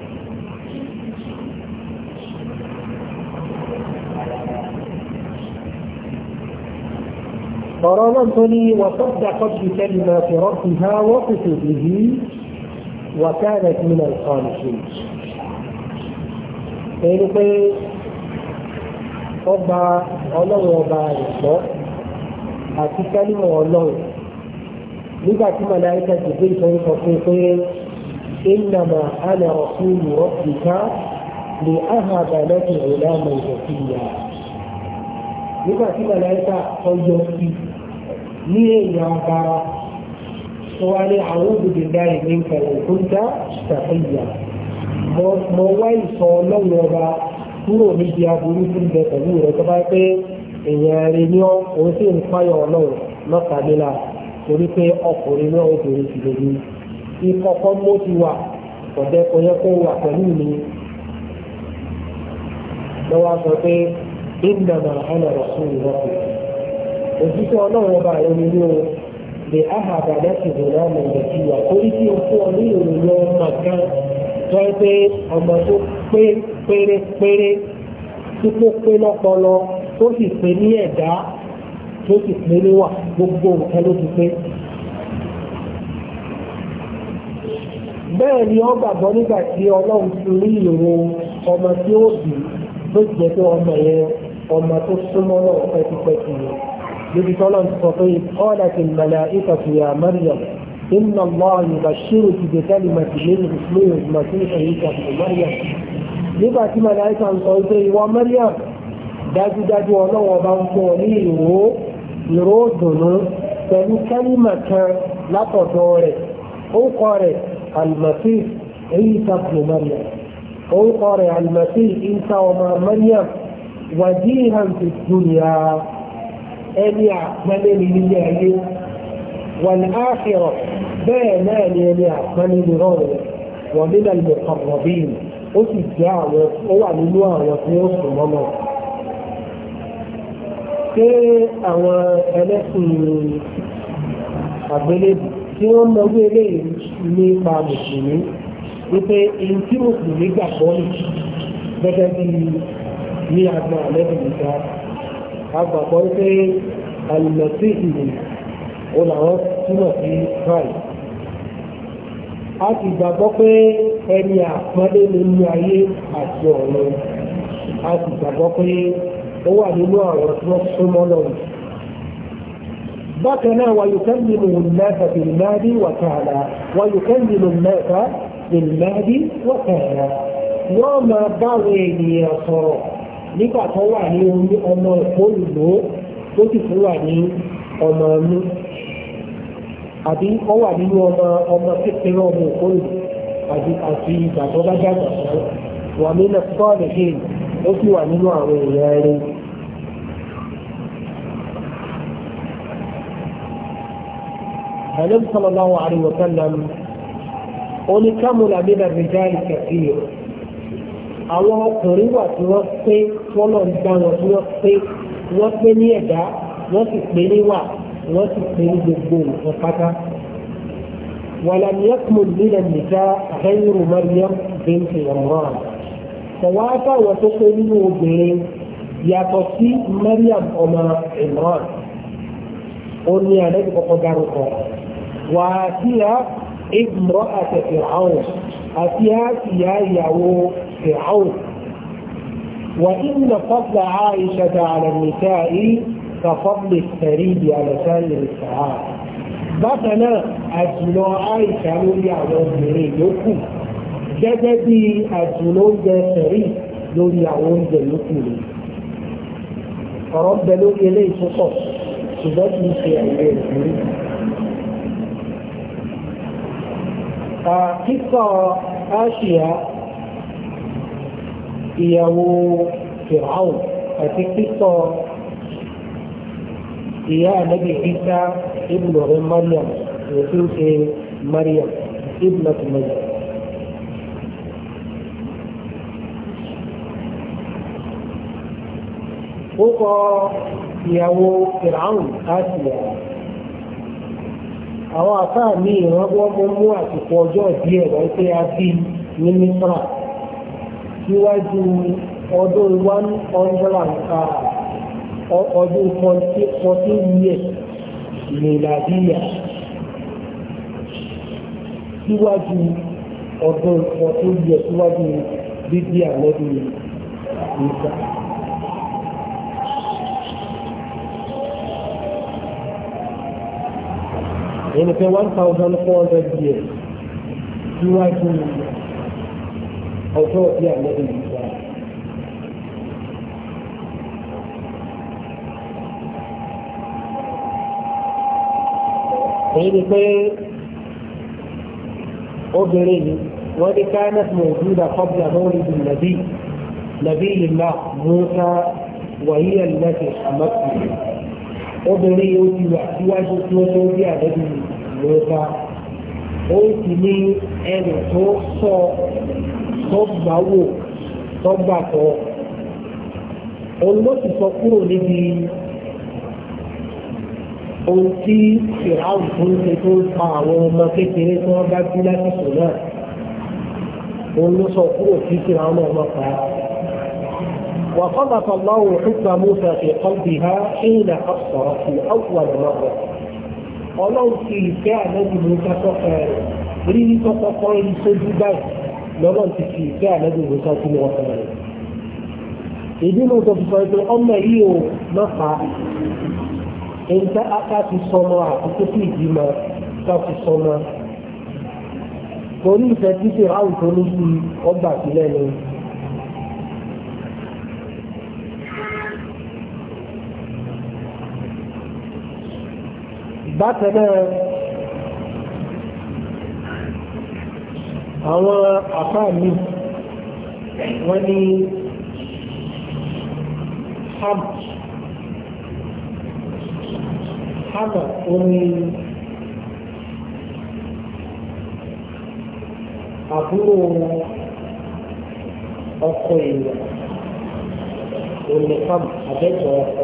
Speaker 1: ọ̀rọ̀ náà tó ní وصدقت بكلمات ربها وكتبه وكانت من القانتين ẹni pé ọba ọlọ́run ọba ẹ̀kọ́ àti kálímọ̀ ọlọ́run nígbà tí màláìka dìde ìtọ́jú sọ fún pé إنما أنا رسول ربك لأهب لك غلاما زكيا nígbà tí màláìka ọjọ́ sí i ní èèyàn bára wà ní àwọn òbí láì ní kẹrẹ kúńtà ṣàfihàn mo wá ìsọ ọlọ́run ọba kúrò níbi aburú tí ń bẹ pẹ̀lú rẹ tó bá pé èèyàn rẹ ní òun sì ń páyọ ọlọ́run lọ́kàdínlá torí pé ọkùnrin náà obìnrin sì lè ní ìkọ̀kọ́ mọ́ ti wà ọ̀dẹ́ kó wà pẹ̀lú mi lọ́wọ́ sọ pé ìdàgbà ẹnà rẹ̀ sùn òjíṣẹ́ ọlọ́run ọba rẹ̀ ni o lè áhàbà láti ìrìnà ọmọ ìrètí wa torí kí o fún ọ ní ìròyìn ọmọ kan tó ń pé ọmọ tó pé pérépéré tí kò pé lọ́pọlọ tó sì pé ní ẹ̀dá tó sì pé níwà gbogbo nǹkan ló ti pé. bẹ́ẹ̀ ni wọ́n gbàgbọ́ nígbà tí ọlọ́run ti rí ìrò ọmọ tí ó bì ló jẹ́ pé ọmọ yẹn ọmọ tó súnmọ́ náà pẹ́kípẹ́kí yẹn. بطلب خطيب قالت الملائكة يا مريم إن الله يبشرك بكلمة من اسمه المسيح عيسى ابن مريم لبعث ملائكة عن صوتي ومريم داد داد وانا وبانطوليه يردن تلك كلمة لا تطوري أقاري المسيح عيسى ابن مريم أقاري المسيح عيسى ومريم وجيها في الدنيا ẹni àpẹẹlẹ ní ilé ayé wà ní áàfẹ́rọ̀ bẹ́ẹ̀ náà ni ẹni àpẹẹlẹ ní rọrùn wọ́n nínú ìmọ̀kànlọ́bí ó sì jẹ́ àwọn ó wà nínú àwọn tí ó sùn mọ́nà ṣé àwọn ẹlẹ́sìn àgbélébù tí wọ́n mọ orí eléyìí nípa mùsùlùmí wípé èyí tí mùsùlùmí gbàgbọ́ nì gẹ́gẹ́ bí ní àgbọn àlẹ́bùn ìgbà agbàgbọ́ pé àlùmọ̀tí ìlú ó làwọn túmọ̀ sí Christ a sì gbàgbọ́ pé ẹni àpọ́nlé nínú ayé àti ọ̀run a sì gbàgbọ́ pé ó wà nínú àwọn tí wọ́n súnmọ́ lọ́rùn bákan náà wà yùkẹ́lìmù náà bìnnáàdì wàtàlà wà yùkẹ́lìmù náà bìnnáàdì wàtàlà yóò máa báwọn ènìyàn sọ̀rọ̀ nígbà tó wà ní orí ọmọ ìpolùlò tó sì tún wà ní ọmọ ọmú àbí ó wà nínú ọmọ ọmọ kékeré ọmọ ìpolùlò àti àti ìgbà tó bá dàgbà tó wà nínú sọ́ọ̀lì hìn ó sì wà nínú àwọn èèyàn ẹni. Ànábì sallallahu alaihi wa sallam ó ní kámúlà nínú àbíjáì kẹfì rẹ̀ àwọn ọkùnrin wà tí wọ́n pé wọ́n lọ ń dá wọn tí wọ́n pé wọ́n pé ní ẹ̀dá wọ́n sì pé níwà wọ́n sì pé ní gbogbo nǹkan pátá. ولم يكمل من النساء غير مريم بنت عمران فوافى وتقبل بين يقصي مريم أما عمران قلنا نبي قدرك وآتيها امرأة فرعون آتيها يا يعوق فرعون وإن فضل عائشة على النساء كفضل الثريد على سائر السعاد بقنا أجل عائشة لولي على الزرين يكون جددي أجلون ذا ثريد لولي على الزرين فرد لولي ليس صف سبب في عينيه آه، قصة آشياء ìyàwó fìràwùn àti kíkọ ìyá ànábì Ìsá ibùdó rẹ Mariam ètò ṣe Mariam ibùdó Mariam. ó kọ ìyàwó fìràwùn Asiya àwọn àfáà mi ìrànwọ́ mú àsìkò ọjọ́ díẹ̀ wọ́n pé a ní Mísírà síwájú ọdún one hundred and five ọdún fourteen years miladiya síwájú ọdún fourteen years síwájú bíbí àlọ́dún ìgbà. Ẹni pé one thousand four hundred years síwájú ìgbà ọjọ́ bí àlọ́dún yìí wà. èyí ni pé obìnrin yìí wọ́n ní káyánà tó mọ̀ nígbà kọ́bíà lórí ibi nàbí nàbí ìlà mọ́ta wàyí ẹ̀lẹ́tì àmọ́tì obìnrin yìí ó ti wà síwájú tí ó tó bí àlọ́dún mọ́ta ó sì ní ẹnì tó sọ tó gbà wò tó gbà kọ́ òun ló sì sọ kúrò níbi ohun tí fìràwù tó ń ṣe tó ń pa àwọn ọmọ kékeré tí wọ́n bá bí lásìkò náà òun ló sọ kúrò sí fìràwù náà wọ́n pa á. وخلق الله حكم موسى في قلبها حين أبصرت في أول مرة ọlọ́run ti ìfẹ́ àlẹ́bí mi ká sọ́kẹ́ rẹ̀ rí ní kọ́kọ́kọ́ ìṣojú báyìí lọ́nà ti fi ìfẹ́ ànábì Musa tí wọ́n fẹ́ rẹ̀. ìdí mi tó fi sọ pé ọmọ yìí ò má fa ẹ̀ńtẹ́ apá ti sọmọ àkókò tí ìdí ma ká fi sọmọ. torí ìfẹ́ títí àwùjọ ló fi ọgbà sílẹ̀ ni. bákan náà àwọn àfáà mi wọ́n ní hamd hamd ó ní àbúrò ọkọ èèyàn onìkan àbẹ́tọ̀ ọkọ.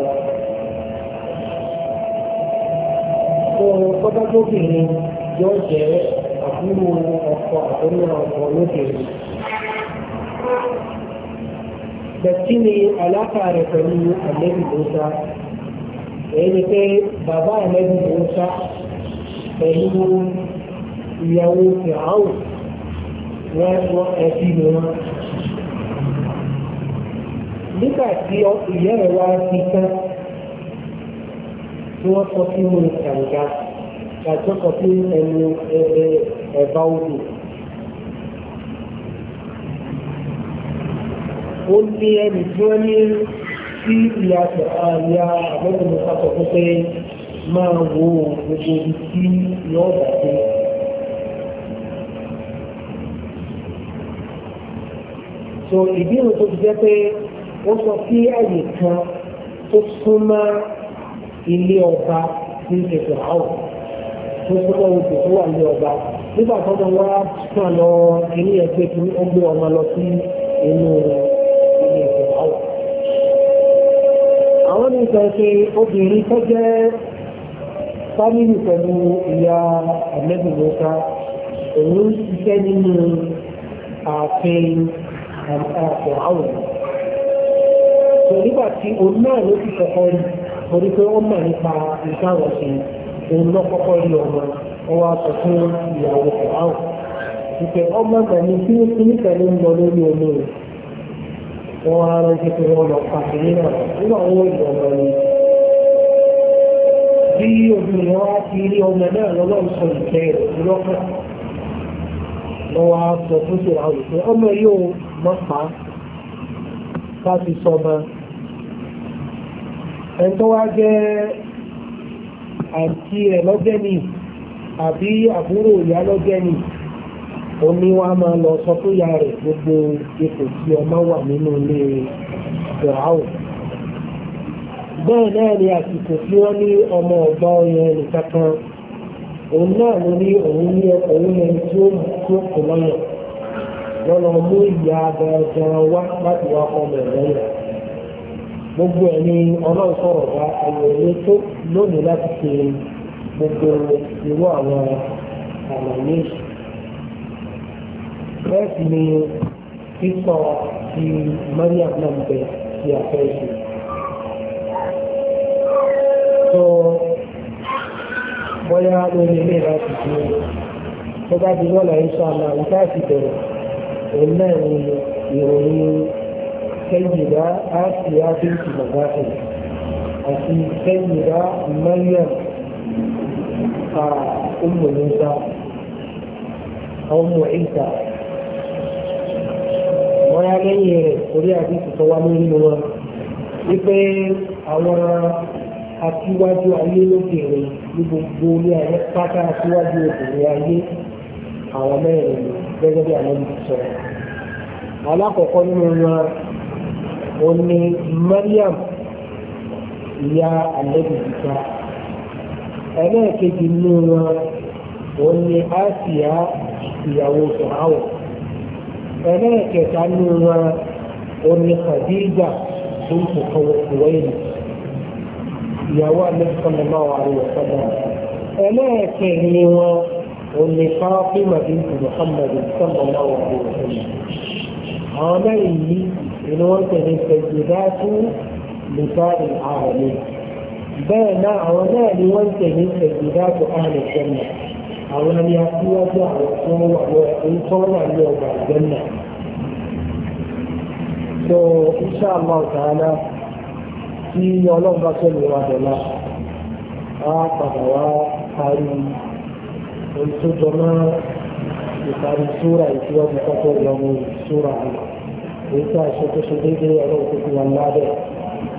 Speaker 1: Fún ọkọ bá gbóbìnrin yóò jẹ́ nínú ọ̀pọ̀ àtọ́nú ọ̀pọ̀ lókèrè. Bẹ̀tí ni àlàkà rẹ̀ pẹ̀lú àlẹ́bí Musa. Èyí ni pé bàbá àlẹ́bí Musa pẹ̀lú ìyàwó Fìhàù wọ́n wọ́n ẹbí ni wọ́n. Nígbà tí ìyá rẹ̀ wá sí tán, tí wọ́n sọ sínú kànga, kàtọ́kọ̀ sí ẹnu ẹgbẹ́ rẹ̀ ẹ̀bá odò ó ní ẹni tí wọ́n ní sí ìyá àyà àbẹ́bẹ̀rẹ̀ pàtó pé pé máa tí so ìbéèrè tó ti jẹ́ pé ó sọ sí àyè kan tó súnmọ́ ilé ọba ní ìṣẹ̀ṣẹ̀ àwọn tó súnmọ́ odò wà ní ọba nígbà tó ń wá sàn lọ ilé ẹgbẹ́ tí ó gbé ọmọ lọ sí inú ilé ẹgbẹ́ àwọ̀. àwọn ní sọ pé obìnrin tó jẹ́ fámìlì pẹ̀lú ìyá ẹ̀mẹ́bìnrinta òun ń ṣiṣẹ́ nínú ààfin ààfin àwọ̀. sọ nígbà tí òun náà ló ti sọ̀kọ́ rí torí pé ó mọ̀ nípa ìṣàwọ̀sìn òun lọ kọ́kọ́ rí ọmọ ọwọ́ aṣọ fún ìyàwó ọ̀hún ìpè ọmọ ìgbàlú tí ó ti nípẹ̀lú ń lọ lórí omi rẹ̀ wọ́n á pé wọ́n lọ pàṣẹ nínú àwọn ni bí obìnrin ti rí ọmọ náà sọ ìfẹ́ rẹ̀ á sọ fún àwọn ọmọ yóò má pa sọ ọmọ ẹ̀ńtọ́ jẹ́ àti ẹ̀ abi àbí àbúrò ìyá onye ó ní wá máa lọ sọ rẹ̀ gbogbo ipò tí ọmọ wà nínú ilé ìdọ̀háwò bẹ́ẹ̀ náà ni àsìkò tí wọ́n ní ọmọ ọ̀gbá ọyàn nìkan òun náà ló ní òun ní òun ẹni tí ó tí ó kò lọ́yàn wọ́n mú ìyá gbogbo ẹ̀ ni ọlọ́run sọ̀rọ̀ bá àyẹ̀wò tó lónìí láti ṣe gbogbo irú àwọn àlàyé bẹ́ẹ̀ sì ni sísọ ti Mariam náà ń bẹ sí àfẹ́sù. tó bóyá lórí ilé láti ṣe tó bá di lọ́la ìṣọ́ àmà ìta bẹ̀rẹ̀ òun náà ni ìròyìn السيدة آسيا بنت مزاحم أتي السيدة مريم أم موسى أم عيسى wọ́n yá lẹ́yìn rẹ̀ orí àdìsí tó wá lórí wọn wípé àwọn aṣíwájú ayé lókèrè ní gbogbo orí ayé pátá aṣíwájú obìnrin ayé àwọn mẹ́rin gẹ́gẹ́ bí àwọn olùsọ̀rọ̀ alákọ̀ọ́kọ́ nínú wọn ó ní Mariam ìyá àlẹ́bí ìta ẹlẹ́ẹ̀kejì nínú wọn ó ní Asiya ìyàwó sọ̀háwọ̀ ẹlẹ́ẹ̀kẹta nínú wọn ó ní Khadija tó ń kọ̀kọ́ wọ̀nyí ìyàwó àlẹ́bí sọ̀nà náà wà lọ́wọ́ sọ́dọ̀ ẹlẹ́ẹ̀kẹrin wọn ó ní bíi Muhammad sọ̀nà náà wà lọ́wọ́ sọ́dọ̀ àwọn mẹ́rin yìí. بنوته سيدات لسائر العالمين بين عنا لوجه سيدات اهل الجنه او لم ياتي وجه رسول الله يوم الجنه ان شاء الله تعالى في يوم رسول الله الله عليه وسلم اعطى هواء قلت جماعه سوره يوم سوره الله èyí tí a ṣe tó ṣe déédéé ọlọ́run tó fi wà lábẹ́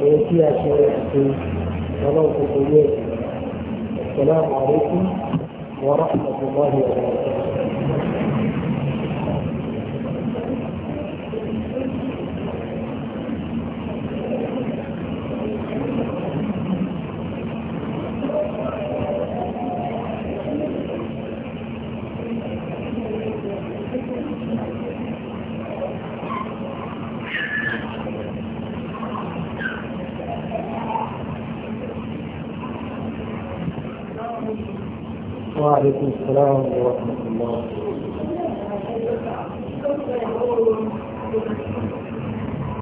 Speaker 1: èyí tí a ṣe ṣe ọlọ́run tó fi yé ẹ̀sìn. Assalamu alaikum wa rahmatullahi wa barakatuh.
Speaker 2: والسلام ورحمة